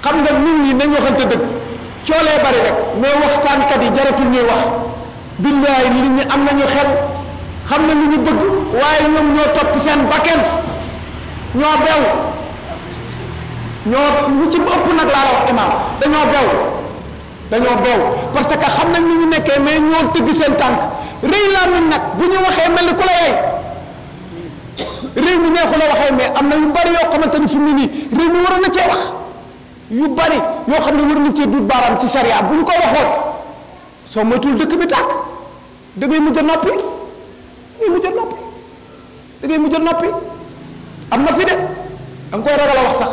xam nga nit ñi nañ waxante deug coolee bari rek mais kat yi jaratul ñuy wax billahi li ñi am nañu xel xam na li ñu bëgg waye ñom ñoo top seen bakel ñoo bew ñoo lu ci ëpp nag laa la wax imam dañoo bew dañoo beew parce que xam nañ ni ñu nekkee mais ñoo tëgg seen tànk rëy laa nañ nag bu ñu waxee mel ni ku la yey réew mi neexu la waxee mais am na yu bari yoo xamante ni fi mu nii réew mi waroon na cee wax yu bari yoo xam ne war nañ cee dut baaraam ci sariya bu ñu ko waxoon soo moytuwul dëkk bi tàkk da ngay mujj a noppi da mujj a noppi da ngay mujj a noppi am na fi de da koy ragal a wax sax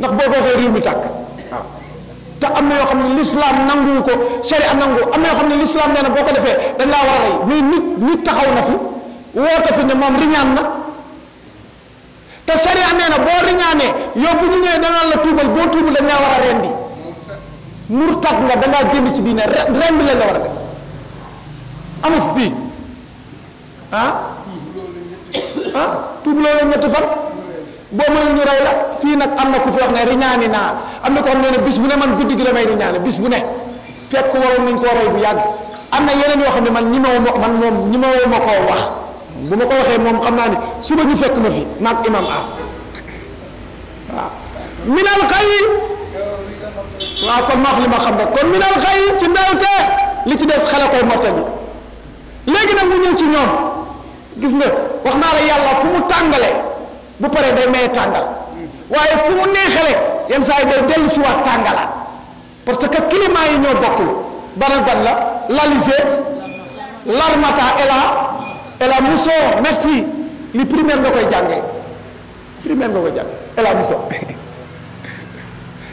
ndax boo ko waxee réew mi tàkk te am na yoo xam ne l'islam nanguwu ko sharia nangu am na yoo xam ne l'islam nee na boo ko defee dañ laa war a rey mais nit nit taxaw na fi woote fi ne moom riñaan na te sharia nee na boo riñaanee yow bu ñu ñëwee danaan la tuubal boo tuubal dañ war a rendi murtad nga dangaa génn ci diine rendi la nga war a def amu fii ah, ah? tuubaloo la ñetti fan boo mooy ñu rey la fii nag am na ku fi wax ne riñaani naa am na ko xam ne ne bis bu ne man guddi gi la may riñaane bis bu ne fekk waroon nañ koo rey bu yàgg am na yeneen yoo xam ne man ñi ma woo ma woo ma koo wax bu ma ko waxee moom xam naa ne suba ñu fekk ma fi maag imam as waaw minal xay waaw kon ma wax li ma xam rek kon minal xay ci ndawte li ci des xale koy morta bi léegi nag mu ñëw ci ñoom gis nga wax naa la yàlla fu mu tàngalee bu paré day may tangal waye fu mu neexale yeen say day delu ci wat tangala parce que climat yi ñoo bokku dara ban la l'alizé l'armata et la et la musso merci li primaire nga koy jangé primaire nga koy jangé et la musso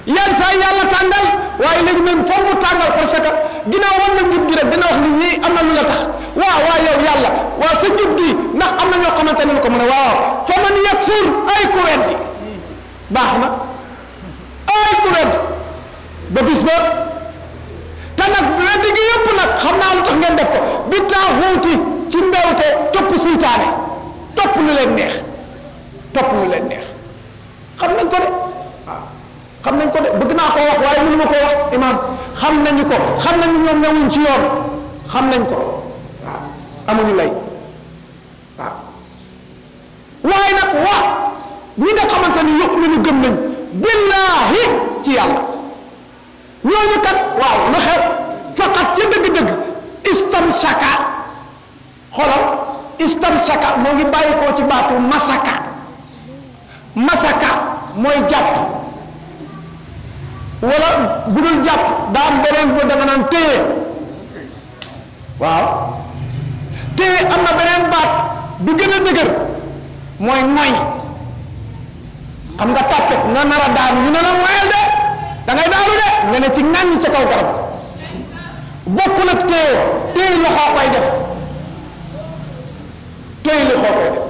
yeen say yalla tangal waye legi men fo mu tangal parce que ginaaw won na gi rek dina wax ni ñi amna lu la tax wa wa yow yalla waa sa njub gi ndax am na ñoo xamante ne ko mu ne waaw fa man yakfur ay ku weddi baax na ay ku weddi ba bis ba te nag weddi gi yëpp nag xam naa lu tax ngeen def ko bi taaxuuti ci mbewte topp seytaane topp lu leen neex topp lu leen neex xam nañ ko de waaw xam ko naa koo wax waaye mënu ma koo wax imaam xam nañu ko xam nañu ñoom newuñ ci xam nañ ko amuñu lay waaw waaye nag wax ñi nga xamanteni ni yu'minu gëm nañ billahi ci yàlla ñooñu kat waaw lu xew faqat ci dëgg-dëgg istam shaka xolal istam shaka mo ngi bayiko ci batu masaka masaka moy japp wala budul jàpp daa am benen bu da nga naan téye waaw te am na beneen baat bi gën dëgër mooy moy xam nga tàppet nga nar a daanu ñu da ngay daanu de nga ne ci naan ca kaw garab bokkul ak téye téye loxo koy def téye loxo koy def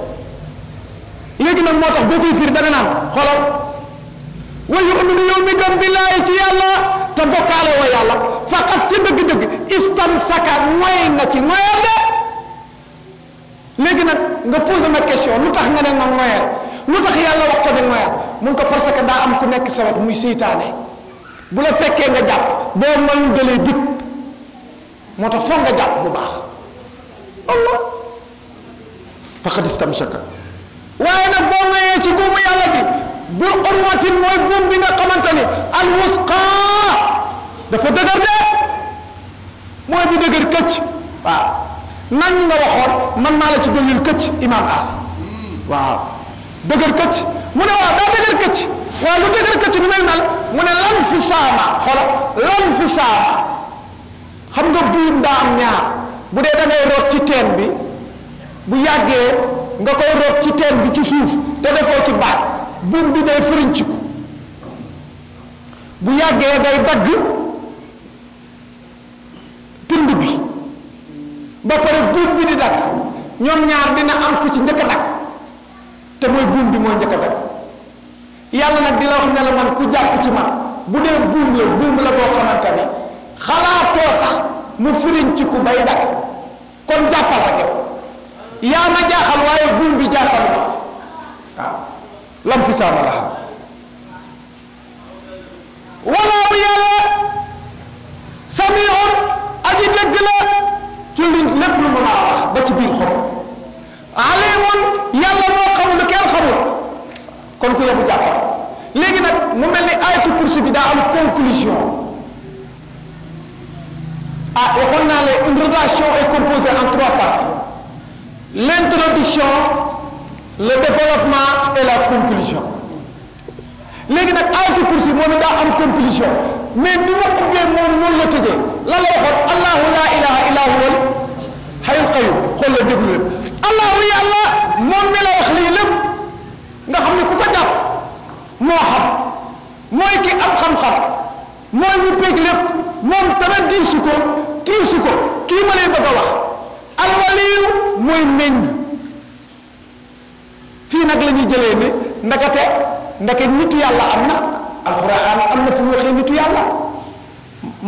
léegi moo tax boo koy firi da nga naan xoolal wa yu'minu yow mi gëm billaahi ci yàlla te bokkaale woo yàlla faqat ci dëgg-dëgg istamsaka moy nga ci moyal de. léegi nag nga posé ma question lu tax nga ne ma noyal lu tax yàlla wax ko ne noyal mun ko parce que daa am ku nekk sa muy seytaane bu la fekkee nga jàpp boo mayu dalee dip moo tax foog nga jàpp bu baax allah faqad istamsaka waaye nag boo mayee ci góomu yàlla bi bu urwatin mooy góom bi nga xamante ni al wusqa dafa dëgër de mooy bu dëgër këcc nañ nga waxoon man maa la ci dolil këcc imam as waaw dëgër këcc mu ne waaw daa dëgër këcc waaw lu dëgër këcc nu mel nal mu ne lan fi saama xolo lan fi saama xam nga buum daa am ñaar bu dee da ngay root ci teen bi bu yàggee nga koy root ci teen bi ci suuf te defoo ci baat buum bi day fëriñciku bu yàggee day dagg pind bi ba pare buum bi di dakk ñoom ñaar dina am ku ci njëkk dakk te mooy buum bi mooy njëkk a dakk yàlla nag di la wax man ku jàpp ci man bu dee buum la buum la boo xamante xalaatoo sax mu firiñ ci ku bay dakk kon jàppal rek yaa ma jaaxal waaye buum bi jaaxal ma waaw lam fi saama laha walaaw yàlla samiun aji dégg la ci lu lépp lu mën a wax ba ci biir xol alimun yàlla moo xam lu kenn xamul kon ku yóbbu jàppal léegi nag mu mel ni ayatu kursi bi daa am conclusion ah waxoon naa la une relation est composée en trois parties l'introduction le développement et la conclusion léegi nag ayatu kursi moom it daa am conclusion mais ni ma ubbee moom noonu la tëjee lan la waxoon allahu laa ilaha illa huwal hayyul qayyum xool la déglu leen allahu yàlla moom mi la wax nga xam ne ku ko jàpp moo xam mooy ki am xam-xam mooy ñu péeg lépp moom tamit diisu ko tiisu ko kii ma lay bëgg a wax alwaliyu mooy meññ fii nag la ñuy jëlee ne ndakate ndake nit yàlla am na alxuraan am na fu mu waxee yàlla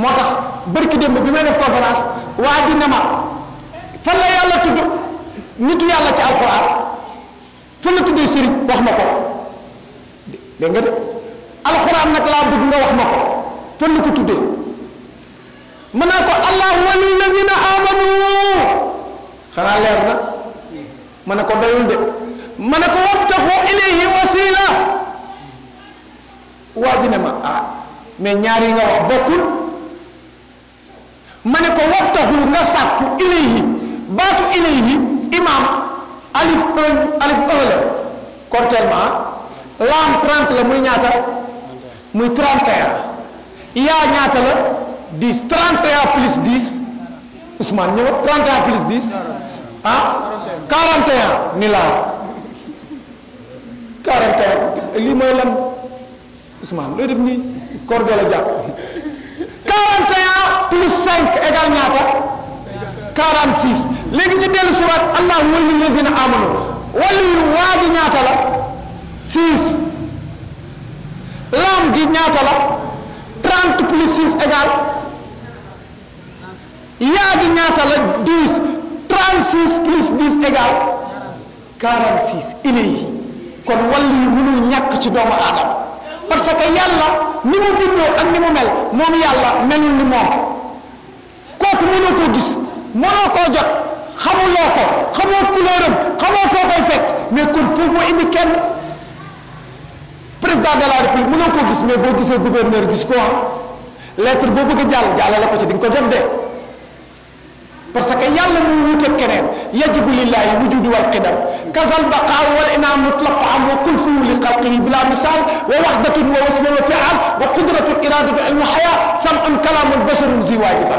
moo tax barki démb bi may def conférence waa ji ne ma fan la yàlla tudd nitu yàlla ci alxuraan fan la tuddee wax ma ko dégg nga de alxuraan nag laa bëgg nga wax ma ko fan la ko tuddee ma ne ko allahu wali amanu xanaa leer na ma ne ko doyul de waa ji ma ah, mais ñaar nga wax bokkul ma ne ko waxtaxu nga sàkku ilayhi baatu ilayhi imam alif un alif un la cortèlement laam 30 la muy ñaata muy 31 yaa ñaata la 10 31 plus 10 Ousmane ñëw 31 plus 10 ah 41 ni laa 41 lii mooy lan Ousmane looy def nii koor la jàpp 41 plus 5 égal ñaata 46 léegi ñu dellu surat allah waliyul lazina amanu waliyu waa gi ñaata la 6 laam gi ñaata la 30 plus 6 égal yaa gi ñaata la 10 36 plus 10 égal 46 ili kon waliyu mënul ñàkk ci doomu aadama parce que yàlla ni mu bindoo ak ni mu mel moom yàlla mel ni moom kooku mënoo koo gis mënoo koo jot xamuloo ko xamoo couleuram xamoo foo koy fekk mais kon foofu moo indi kenn président de la république mënoo koo gis mais boo gisee gouverneur gis ko ah lettre boo bëgg a jàll ko ci di nga ko jot parce que yàlla mo wute kenen yajibu lillahi wujudu wal qadar kazal baqa wal inam mutlaq am wa kul fu li khalqihi bila misal wa wahdatu wa wasmu wa fi'al wa qudratu irada bi ilmu haya sam'un al bashar zi wajiba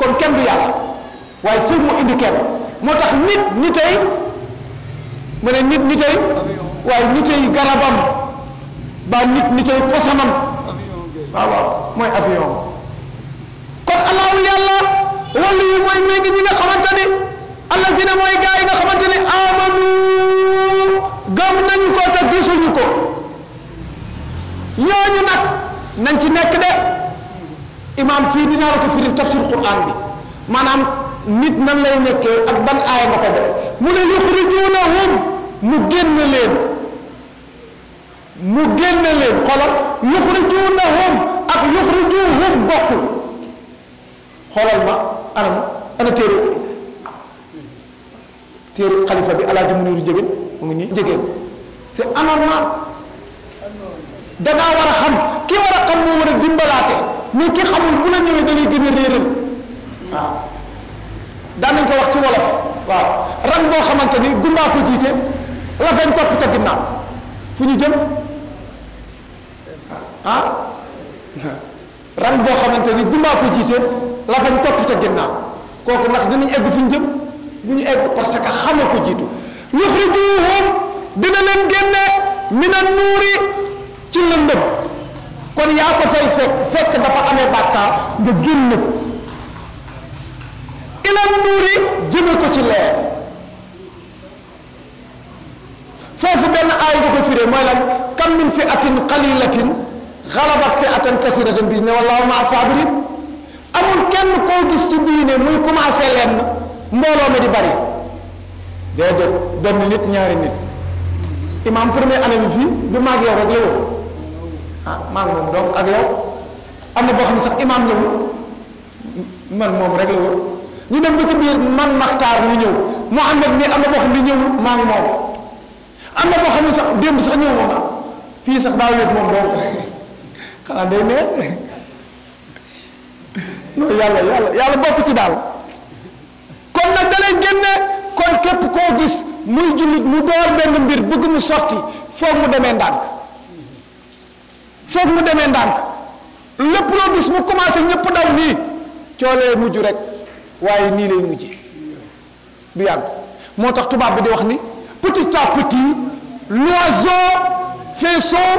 kon ken du yàlla way fu mu indi ken motax nit nitay mu nit nitay way nitay garabam ba nit nitay posamam wa wa moy avion kon allahu yàlla wala yi mooy may nit ñi nga xamante ne allazina mooy gaa yi nga xamante ne amanu gëm nañu ko te gisuñu ko ñooñu nañ ci nekk de imaam fii dinaa la ko firil tafsir quran bi maanaam nit nan lay nekkee ak ban aaya nga ko def mu ne yuxrijunahum mu génn leen mu génn leen xoolal yuxrijunahum ak yuxrijuhum bokk xoolal ma anam ana téere téere xalifa bi alaaji muniru jëgéen mu ngi nii jëgéen c'est anormal dangaa war a xam ki war a xam moo war a dimbalaate mais ki xamul bu la ñëwee da lay gën a réeral waaw ko wax ci wolof waaw ran boo xamante ni gumbaa ko jiite la topp ca ginnaaw fu ñu jëm ah rang boo xamante ni gumbaa ko jiite la fañ topp ca ginnaaw kooku ndax dinañ egg fu jëm du ñu egg parce que xama ko jiitu yuxrijuhum dina leen génne mina nuuri ci lëndëm kon yaa ko fay fekk fekk dafa amee bàkkaar nga génn ko ila nuuri jëme ko ci leer foofu benn aay nga ko mooy lan kam min fi atin xalabat fi'atan kasiratan bis ne wallahu ma sabirin amul kenn koo gis ci diine muy commencé lenn mbooloo mi di bari déedéet benn nit ñaari nit imam premier ada bi fii du maag yow rek la yow ah maag moom donc ak yow am na boo xam ne sax imam ñëwul man moom rek la woon ñu dem ba ci biir man maxtaar ñu ñëw muhammad mi am na xam mom am na xam sax dem sax ñew mo fi sax xanaa day neex yàlla yàlla yàlla bokk ci daal kon nag da génne kon képp koo gis muy jullit mu door benn mbir bëgg mu sotti foog mu demee ndànk foog mu demee ndànk lépp loo gis mu commencé ñëpp daw nii coolee mujj rek waaye nii lay mujjee du yàgg moo tax tubaab bi di wax ni petit à petit l'oiseau fait son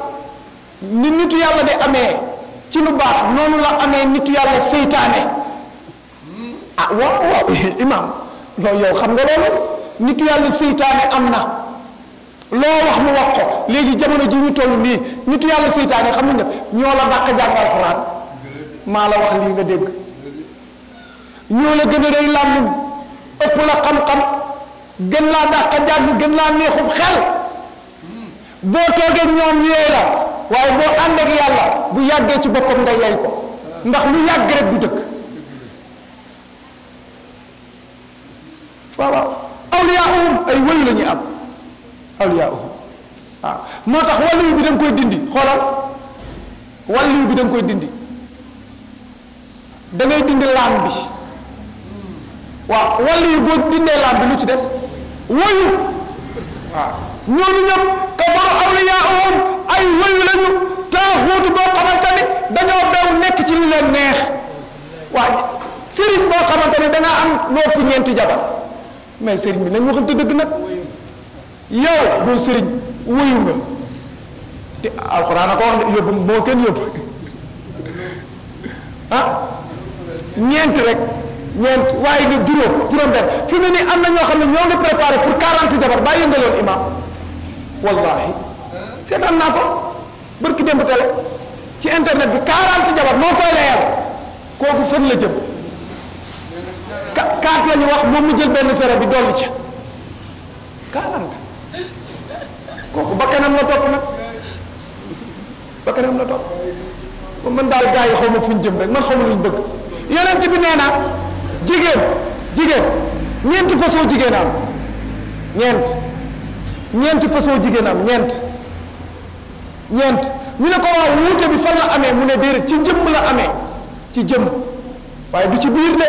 ni nitu yàlla di amee ci lu baax noonu la amee nitu yàlla ah, xam nga loolu nitu yàlla seytaane am na loo wax mu wax ko léegi jamono ji ñu toll nii nitu yàlla seytaane xam nga ñoo la dàq jàng alxuraan maa la wax lii nga dégg ñoo la gën a rëy làmmiñ ëpp la xam-xam gën laa dàq jàng gën laa neexub xel boo toogee ñoom yee la waaye boo ànd ak yàlla bu yàggee ci boppam nga yey ko ndax lu yàgg rek du dëkk waaw waaw awliyaahum ay wëyu la ñuy am awliyaahum waaw moo tax wàllu bi da koy dindi xoolal wàllu bi da nga koy dindi da ngay dindi laam bi waaw wàllu boo dindee laam bi lu ci des wëyu waaw ñooñu ñëpp kafaru awliyaahum ay wëyu lañu taaxuutu boo xamante ni dañoo bew nekk ci lu leen neex waa sëriñ boo xamante ñeenti jabar mais sëriñ bi nañ waxante dëgg nag yow doo sëriñ wëyu nga te alxuraan a ko wax ne yóbbu moo kenn yóbbu ah ñeent rek ñeent waaye nga juróom juróom benn fi mu ne am na ñoo xam ne ñoo ngi préparé pour 40 jabar bàyyi nga leen wallahi seetaan naa ko barki démb tele ci internet bi 40 jabar noo koy leer kooku fan la jëm ka kaat la ñu wax moom mu jël benn sere bi dolli ca 40 kooku ba kanam la topp nag ba kanam la topp moom man daal gars yi xaw fu ñu jëm rek man xaw lu ñu bëgg yonent bi nee jigéen jigéen ñeenti façon jigéen am ñeent. ñeenti façon jigéen am ñeent ñeent ñu ne ko waaw wuute bi fan la amee mu ne déedéet ci jëmm la amee ci jëmm waaye du ci biir de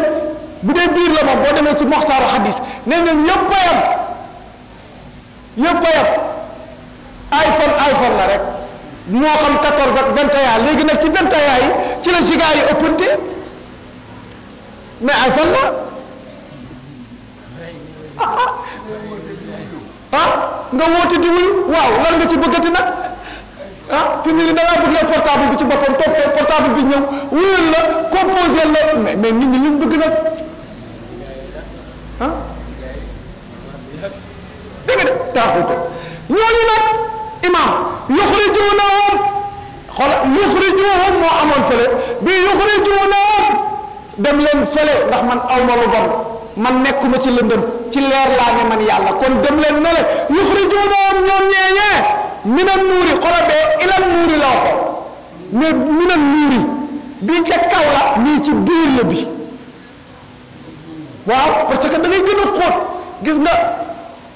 bu dee biir la moom boo demee ci moxtaaru xadis nee nañ yëpp a yem yëpp a yem iPhone iPhone la rek moo xam 14 ak 21 léegi nag ci 21 yi ci la giga yi ëppante mais iPhone la ah, ah. ah nga woote di wuyu waaw lan nga ci ti nag ah fi mu ne da ngaa portable bi ci boppam toog fee portable bi ñëw wuyal la composé la mais mais nit ñi li mu bëgg nag ah dégg nga taaxuute ñooñu nag imaam yuxrijuunahum xoola yuxrijuuhum moo amoon fële bi yuxrijuunahum dem leen fële ndax man aw ma lu bon man nekkuma ci lëndëm ci leer laa ne man yàlla kon dem leen la yuxrijuuna ñoom ñeeñee minan nuuri xolobee ilan nuuri la ko mais minan nuuri bi ca kaw la nii ci biir bi waaw parce que da ngay a xóot gis nga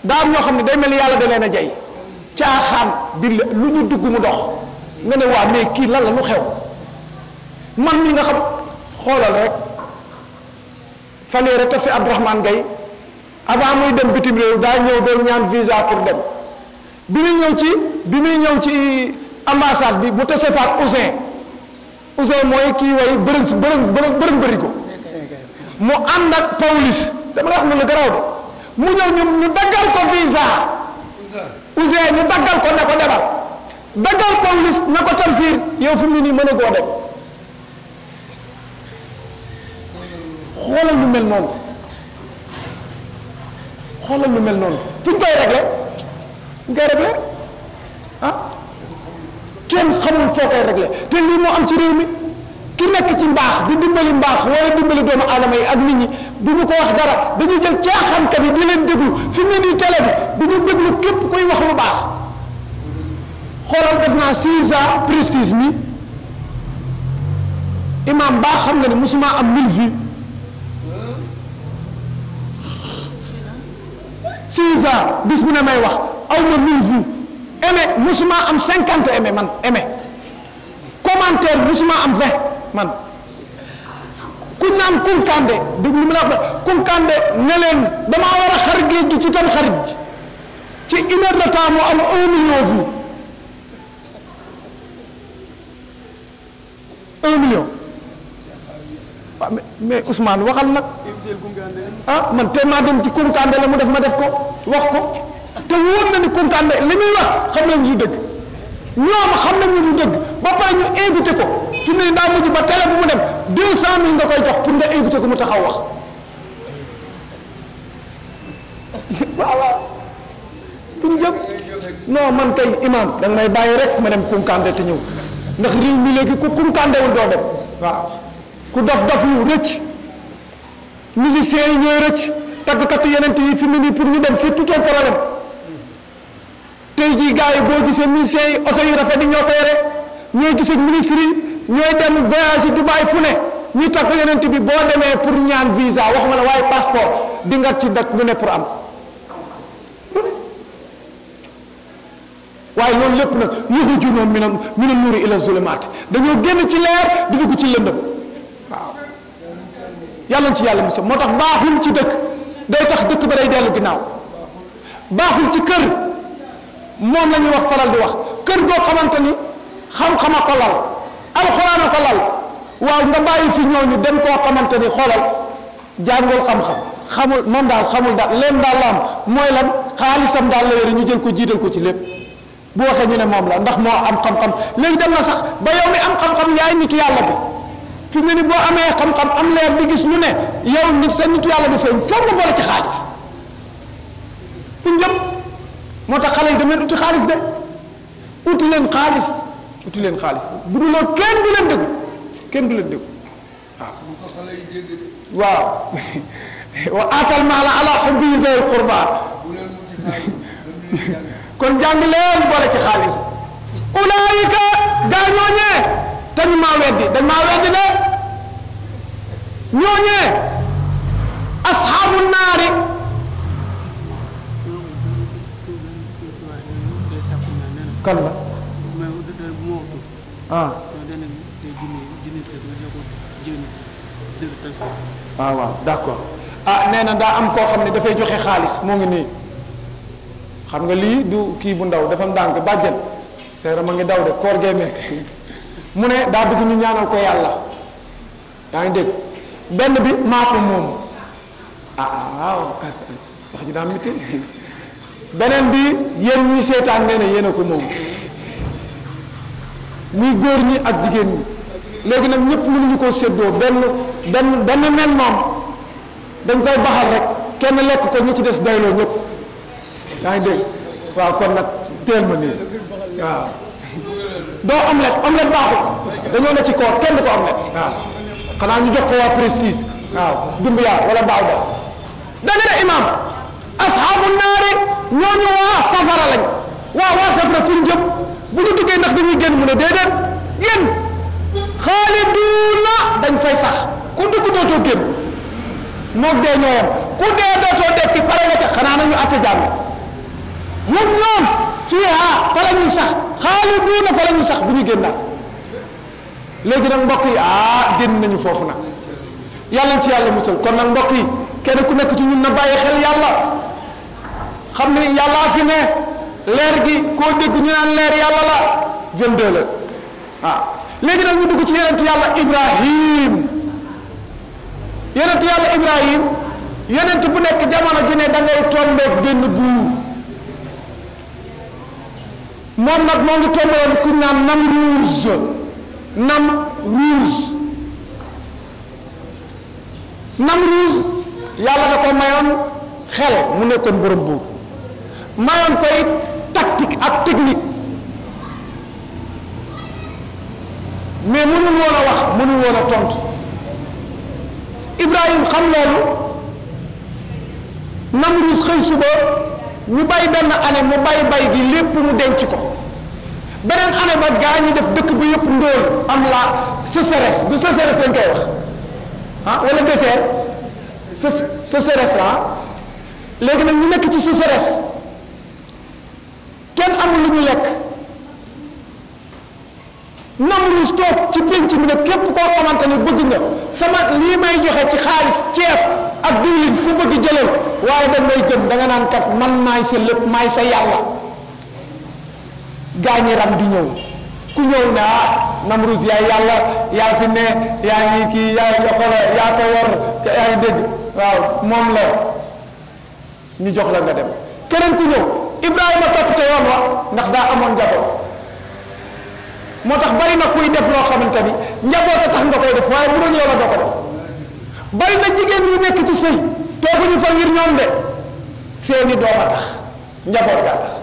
daa am ñoo xam ne day mel yàlla da leen a jay caaxaan bi lu ñu dugg mu dox nga ne waa mais kii lan la lu xew man mi nga xam xoolal rek fane fanweeri tafsi abdourahmane gay avant muy dem bitim rew da ñew do ñaan visa pour dem bi ñu ñew ci bi ñu ñew ci ambassade bi bu tasefaat ousin ousin moy ki way bërëng bërëng bërëng bëri ko mu and ak paulis dama wax ne lu garaw de mu ñew ñu ñu daggal ko visa ousin ñu daggal ko nako ko daggal paulis nako tamsir yow fu ñu ni mëna go dem xoolal lu mel noonu xoolal lu mel noonu fu ñu koy réglé fu ñu koy réglé ah kenn xamul foo koy réglé te lii moo am ci réew ki nekk ci mbaax di dimbali mbaax wala dimbali doomu aadama yi ak nit ñi du ñu ko wax dara dañuy jël caaxaankat bi di leen déglu fi mu ne nii télé bi du ñu déglu képp koy wax lu baax xoolal def naa six ans prestige mi baax xam nga ne musuma am mille six ans bis bu ne may wax aw ma mille vues aimé musuma am cinquante aimé man aimé commentaire musuma am vingt man ku naan kunkande dégg lu mu la wax kunkande ne leen damaa war a ci tam xarit ci une heure am un million vues un million mais Ousmane ah man te maa dem ci kunkande la mu def ma def ko wax ko te wóor na ni kunkande li muy wax xam nañ ñu dëgg ñoom xam nañ dëgg ba ko ci ne ndaa mujj ba télé bu mu dem deux cent mille nga koy jox pour nga invité ko mu da may bàyyi rek ma dem kunkande te ñëw ndax réew mi léegi ku kunkandewul doo dem waaw ku dof dof yu rëcc musiciens yi ñooy rëcc tàggkatu yeneen yi fi mu nii pour ñu dem si tout un tey jii gars yi boo gisee musiciens yi oto yi rafet yi ñoo koy rek ñooy gis ak yi ñooy dem voyage Dubaï fu ne ñu takk yeneen bi boo demee pour ñaan visa wax ma la waaye passeport di nga ci daj lu ne pour am waaye loolu lépp nag yuxu junoon mi ne mi ne nuuri ila zulumaat dañoo génn ci leer di dugg ci lënd waaw yàlla ci yàlla mu monsieur moo tax baaxul ci dëkk day tax dëkk ba day dellu ginnaaw baaxul ci kër moom la ñuy wax faral di wax kër goo xamante ni xam-xama ko lal alxuraan a ko lal waaw nga bàyyi fi ñooñu dem koo xamante ni xoolal jàngul xam-xam moom daal xamul daal leen daal la am mooy lan xaalisam daal la yore ñu jël ko jiital ko ci lépp bu waxee ñu ne moom la ndax moo am xam-xam léegi dem na sax ba yow am xam-xam yaay nit yàlla bi fi mu ne nii boo amee xam-xam am leer di gis lu ne yow nit sa nit yàlla du feeñ foog nga boole ci xaalis fu ñu jëm moo tax xale yi dem leen uti xaalis de uti leen xaalis uti leen xaalis bu dul loolu kenn du leen déglu kenn du leen déglu waaw waaw wa aatal maala ala xubbi zayil qurba kon jàng leen boole ci xaalis ulaayika gaañooñee te maa weddi dañ maa weddi de ñooñee asxaabu naari kan la ah. Ah, ah nee na daa am koo xam ne dafay joxe xaalis moo ngi nii xam nga lii du kii bu ndaw dafa ndànk bàjjen seera ma ngi daw de koor gee mu ne daa bëgg ñu ñaanal ko yàlla yaa ngi dégg benn bi maa ko moom ah waaw wax ji daa métti beneen bi yéen ñii seetaan nee na yéen ko moom muy góor ñi ak jigéen ñi léegi nag ñëpp mënuñu ko séddoo benn benn benn nen moom dañ koy baxal rek kenn lekk ko ñu ci des doyloo ñëpp yaa ngi dégg waaw kon nag teel ma nii waaw doo omelette omelette baaxul dañoo ne ci koor kenn du ko omelette waaw xanaa ñu jox ko waa prestige waaw dumbiyaa wala mbaaw ba da imam asxaabu naari ñooñu waa safara lañ waa safara fu ñu bu ñu duggee ndax dañuy mu ne déedéet yéen xaaliduuna dañ fay sax ku dugg dootoo génn moog dee ñoo ku dee dootoo dekki pare nga ca xanaa nañu atte jàmm moom ñoom fiihaa fa la ñuy sax xaaliduuna fa la sax bu ñu génnaat léegi nag mbokk yi ah génn nañu foofu nag yàlla ci yàlla musal kon nag mbokk yi kenn ku nekk ci ñun na bàyyi xel yàlla xam ne yàllaa fi ne leer gi koo dégg ñu naan leer yàlla la 22 la waaw ah, léegi nag ñu dugg ci yonent yàlla Ibrahim yonent yàlla Ibrahim yonent bu nekk jamono ju ne da ngay tombeeg benn buur moom nag moo ngi tombaloon ku naan nam rouge nam rouge nam yàlla da ko mayoon xel mu nekkoon borom buur mayoon koy tactique ak technique mais mënul woon a wax mënul woon a tontu Ibrahim xam loolu nam rouge xëy suba ñu bay benn année mu bay bay gi lépp mu denc ko beneen année ba gaa ñu def dëkk bi yëpp ndóol am la sécheresse du sécheresse lañ koy wax ah wala désert sécheresse la léegi nag ñu nekk ci sécheresse kenn amul lu ñu lekk Namrouz toog ci penc mi ne képp koo xamante ne bëgg nga sama lii may joxe ci xaalis ceeb ak diwlin ku bëgg jëlal waaye dañ jëm da nga naan kat man maay sa lépp maay sa yàlla gaañi ram di ñëw ku ñëw ne ah Namrouz yaay yàlla yaa fi ne yaa ngi kii yaa ngi xolo yaa ko yor yaa ngi waaw moom la ñu jox la nga dem keneen ku ñëw Ibrahima topp ca yoon wa ndax daa amoon njaboot moo tax bari na kuy def loo xamante ni njaboot a tax nga koy def waaye bu doon doo ko def bari na jigéen yu nekk ci sëy tooguñu fa ngir ñoom de seeni doom a tax njaboot gaa tax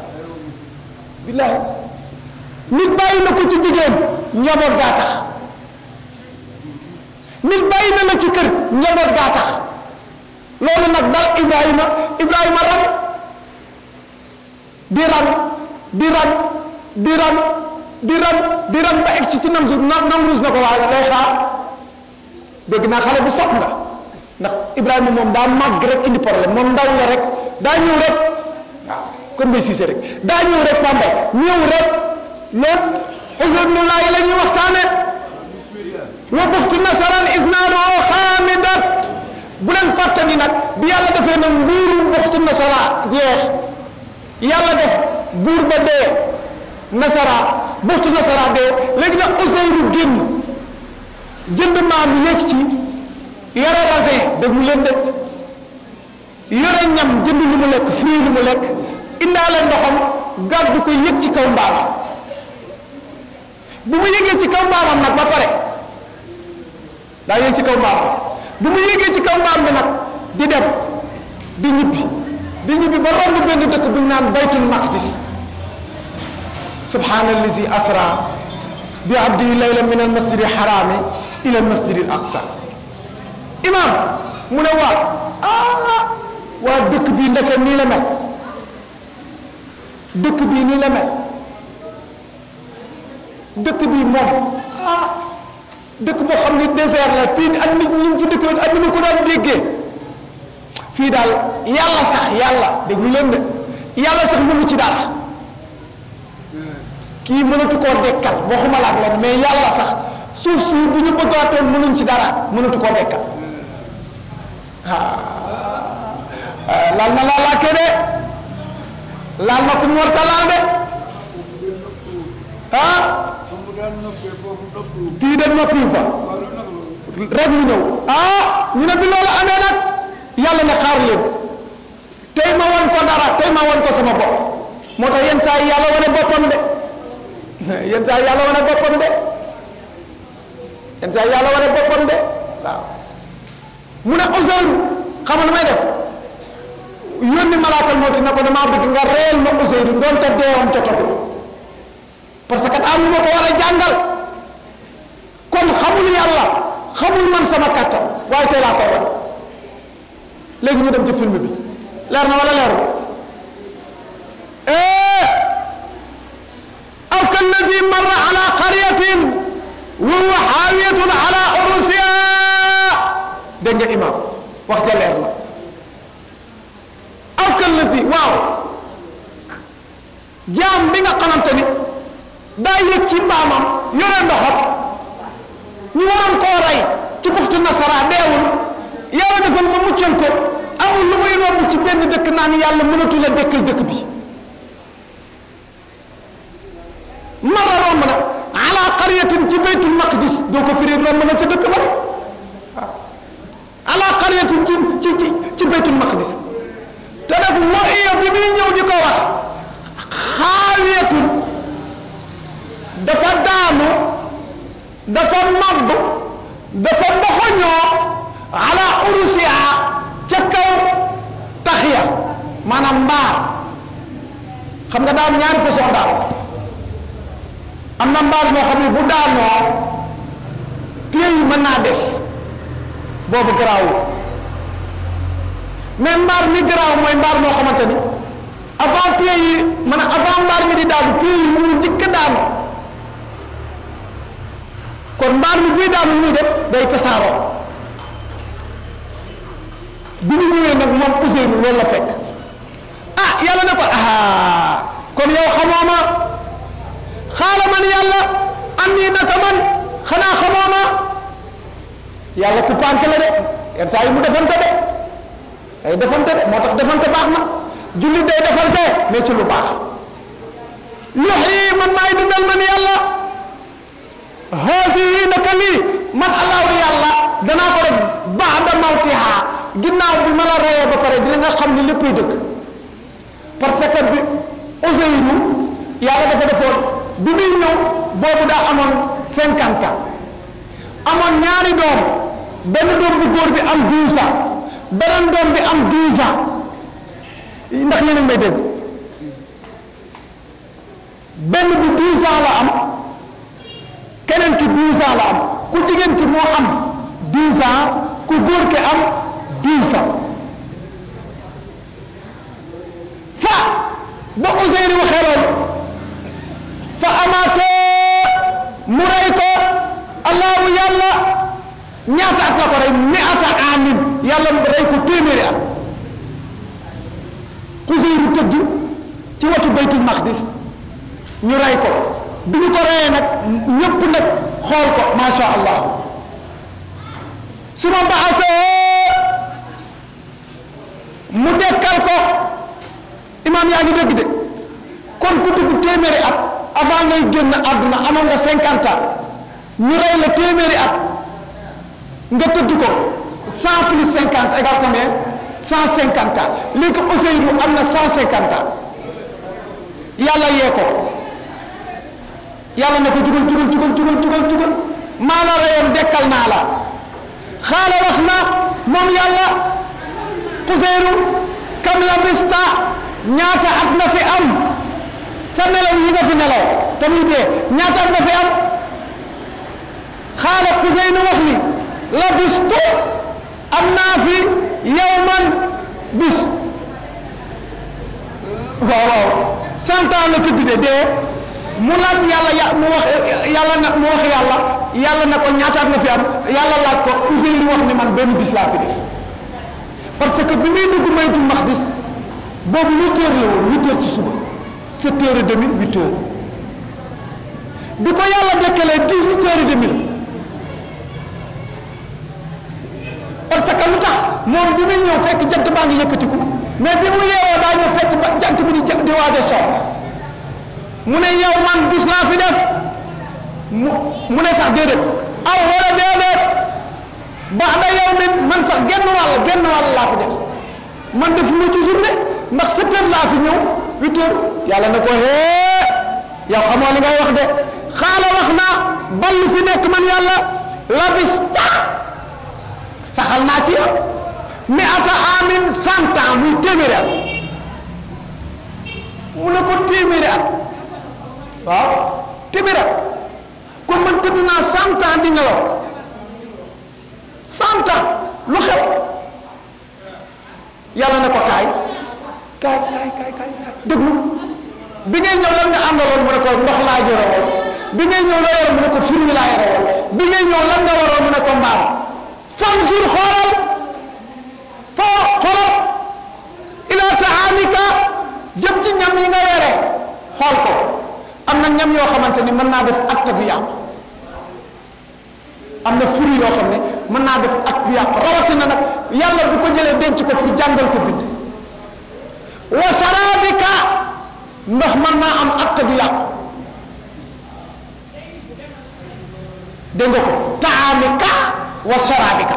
nit bàyyi na ci jigéen njaboot gaa tax nit bàyyi na la ci kër njaboot gaa tax loolu nag dal Ibrahima Ibrahima ram di ram di ram di ram di ram di ram ba egg ci ci nam Namruus na ko waaye lay xaar dégg xale bu sopp nga ndax moom daa màgg rek indi problème moom ndaw la rek daa ñëw rek waaw comme bay siise rek daa ñëw rek Pambay ñëw rek lépp xusnulaahi la ñuy waxtaane wa buxtu nasaraan isnaaroo xaamidat bu leen fàtte ni nag bi yàlla defee na nguuru buxtu nasaraan jeex yàlla def buur dee nasara buxtu nasara dee léegi nag Ousseynou génn jënd maam yéeg ci yore rasin leen de yore ñam jënd lu mu lekk fii lu mu lekk indaale ndoxam gàddu ko yëg ci kaw mbaamam bu mu yëgee ci kaw mbaamam nag ba pare daa yëg ci kaw mbaamam bu mbaam bi nag di dem di ñibbi di ñibbi ba romb benn dëkk bu ñu naan baytul maqdis subhaanallazi asra bi abdihi laylan min almasjidi alxaraami ila almasjidi al aqsa imam mu ne waa ah waa dëkk bii ndeke nii la mel dëkk bii nii la mel dëkk bii moom ah dëkk boo xam ni désert la fii ak nit ñi fi dëkkoon ak ni ko daan déggee fii daal yàlla sax yàlla déglu leen de yàlla sax mënu ci dara kii mënatu koo dekkal waxuma la ak loolu mais yàlla sax suuf si bu ñu bëggaatoon mënuñ ci dara mënatu koo dekkal waaw ah. ah, laal na laalaakee de laal na ku mu war ta laal de ah fii de noppi fa rek mu ñëw ah ñu ne bi loolu amee nag yàlla na xaar leen tey ma wan dara tey ma wan sama bopp moo tax yenn saa yi yàlla wane boppam de yenn saa yàlla wane boppam de yenn saa yàlla wane boppam de mu ne Uzayru xam nga lu may def yónni malaakal moo na ko damaa bëgg nga reel ma Uzayru doonte deewam ca topp parce que am lu ma ko war a jàngal kon xamul yàlla xamul man sama kàttan waaye tey laa koy wan léegi ñu dem ci film bi leer na wala leer na eh! أو كالذي مر على قرية وهو حاوية على عروسها دنجة إمام وقت الله أو كالذي واو جام بنا قنام تني دا يكي مامام يرين بحب نورم كوري تبقى تنصر عبيون يارد فلما مجنكو أمو لما ينور بشي بين دكناني يالا منتو لدك الدك بي mara romb na ala qaryatin ci baytul maqdis doo ko firi ci ci ci maqdis te nag moiya bi muy ñëw di ko wax dafa daanu dafa màbb dafa mboxoñoo ala urusiya ca kaw taxiya maanaam mbaar xam nga daal ñaari façon daal am na mbaar moo xam ne bu daanoo pieds yi mën naa des boobu garaawul mais mbaar mi garaaw mooy mbaar moo xamante ni avant pieds yi man avant mbaar mi di daanu pieds yi ñu njëkk a kon mbaar mi buy daanu muy def day tasaaroo bi ñu ñëwee nag moom Ousseynou loolu la fekk ah yàlla ne ko ah kon yow xamoo xaala man yàlla am xanaa xamoo ma yàlla ku pànk la de yenn saa mu defante de day defante de moo tax defante baax na jullit day defante mais ci lu baax yuxyi man maay dundal man yàlla haadihi naka lii man allahu yàlla danaa ko def baada mawtiha ginnaaw bi ma la reyee ba pare dina nga xam ni léppay dëkk parce que bi Uzayru yàlla dafa defoon bi muy boobu daa amoon cinquante ans amoon ñaari doom benn doom bu góor bi am douze ans doom bi am douze ans ndax yéen a may benn bi douze la am keneen ki douze ans la am ku jigéen ki moo am douze ku góor ki am douze fa ba Ousseynou waxee loolu fa amaatoo mu rey ko allahu yàlla ñaata at la ko rey mi ata amin yàlla rey ko téeméeri at Xuseyru tëdd ci watu baytul maqdis ñu rey ko bi ñu ko reyee nag ñëpp nag xool ko macha allah su ma baasee mu dekkal ko imaam yaa ngi dégg de kon ku dugg téeméeri at. avant ngay génn àdduna amoon nga cinquante ans ñu rey la téeméeri at nga tëdd ko cent plus cinquante égale combien cent cinquante ans léegi Ousseynou am na cent cinquante ans yàlla yee ko ne ko jugal jugal jugal maa la reyoon dekkal naa la xaala wax na moom yàlla Ousseynou kam la mista ñaata at fi am sa nelaw yi nga fi nelaw te muy dee ñaata nga fi am xaala kuseynu wax ni la bistu am naa fi yowman bis waaw waaw cent ans la tëdd de dee mu laaj yàlla ya mu wax yàlla na mu wax yàlla yàlla na ko ñaataat nga fi am yàlla laaj ko useyru wax ni man benn bis laa fi def parce que bi muy dugg maytu maxdis boobu huit heures la woon huit heures ci suba sept heures et demi huit bi ko yàlla dekkalee dix huit heures et parce que lu tax moom bi muy ñëw fekk jant baa ngi yëkkatiku mais bi mu yeewoo daa ñëw fekk ba jant bi di di waaj mu ne yow man bis laa fi def mu mu ne sax déedéet aw wala déedéet baax na yow nit man sax genn wàll genn wàll laa fi def man def ma ci journée ndax sept heures laa fi ñëw. huit heures yàlla ko hee yow xamoo li ngay wax de xaala wax naa bal fi nekk man yàlla labis ta saxal naa ci yow mais ata amin cent ans muy téeméeri ko téeméeri at waaw téeméeri at kon man tëdd naa lu xew yàlla na ko kaay kaay kaay kaay kaay déglu bi ngay ñëw lan nga àndaloon mu ne ko ndox laa jore woon bi ngay ñëw loo yoroon mu ne ko firi laa yore woon bi ngay ñëw lan nga waroon mu ne ko mbaam fan suur xoolal foo xoolal ila taamika jëm ci ñam yi nga yore xool ko am na ñam yoo xamante ni mën naa def acte bu yàqu am na firi yoo xam ne mën naa def acte bu yàqu rawatina nag yàlla bu ko jëlee denc ko pour jàngal ko bind wa saraabika ndox mën naa am atta du yàqu ko taamika wa saraabika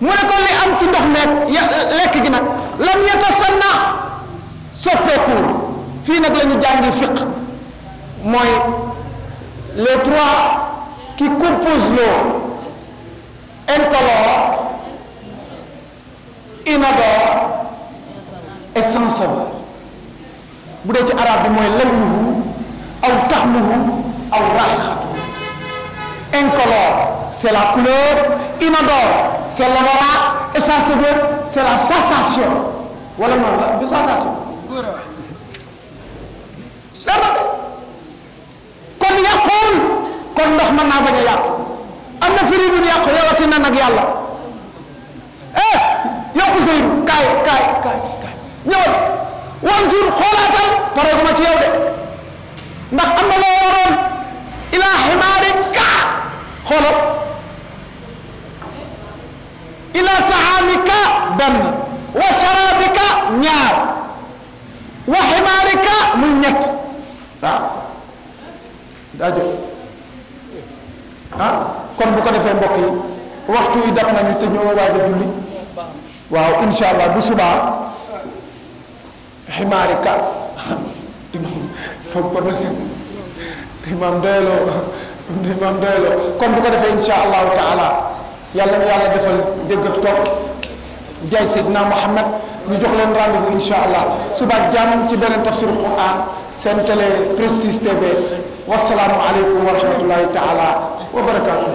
mu ne ko am ci ndox meeg lekk gi nag lam yatasanna soppeekuwul fii nag la ñu jàngi fiq mooy les trois qui composent l'eau incolore inodore essence am bu dee ci arab bi mooy lamnuhu aw taxmuhu aw raxixatu incolore c'est la couleur inodore c'est l'odorat et sensible c'est wala noonu la du sensation dara kon yàqul kon ndox mën naa bañ a yàqu am na firi bu yàqu nag yàlla eh yàqu Seydou kaay ñëwal wanzur xoolaatal pareeguma ci yow de ndax am na ah! ila ximaari kaa ila taxaami kaa wa sharaabi ñaar wa ximaari kaa ah, kon bu ko defee mbokk yi waxtu yi dab nañu te ñoo waaj a waaw incha allah bu subaa ximaari kar imaam doyloo imaam doyloo kon bu ko defee insha allahu taala yàlla na yàlla defal dégg ak topp jaay seydina Muhammad ñu jox leen rendez-vous insha allah suba ak jàmm ci beneen tafsir quran seen télé Prestige TV wasalaamu aleykum wa rahmatullahi taala wa barakaatu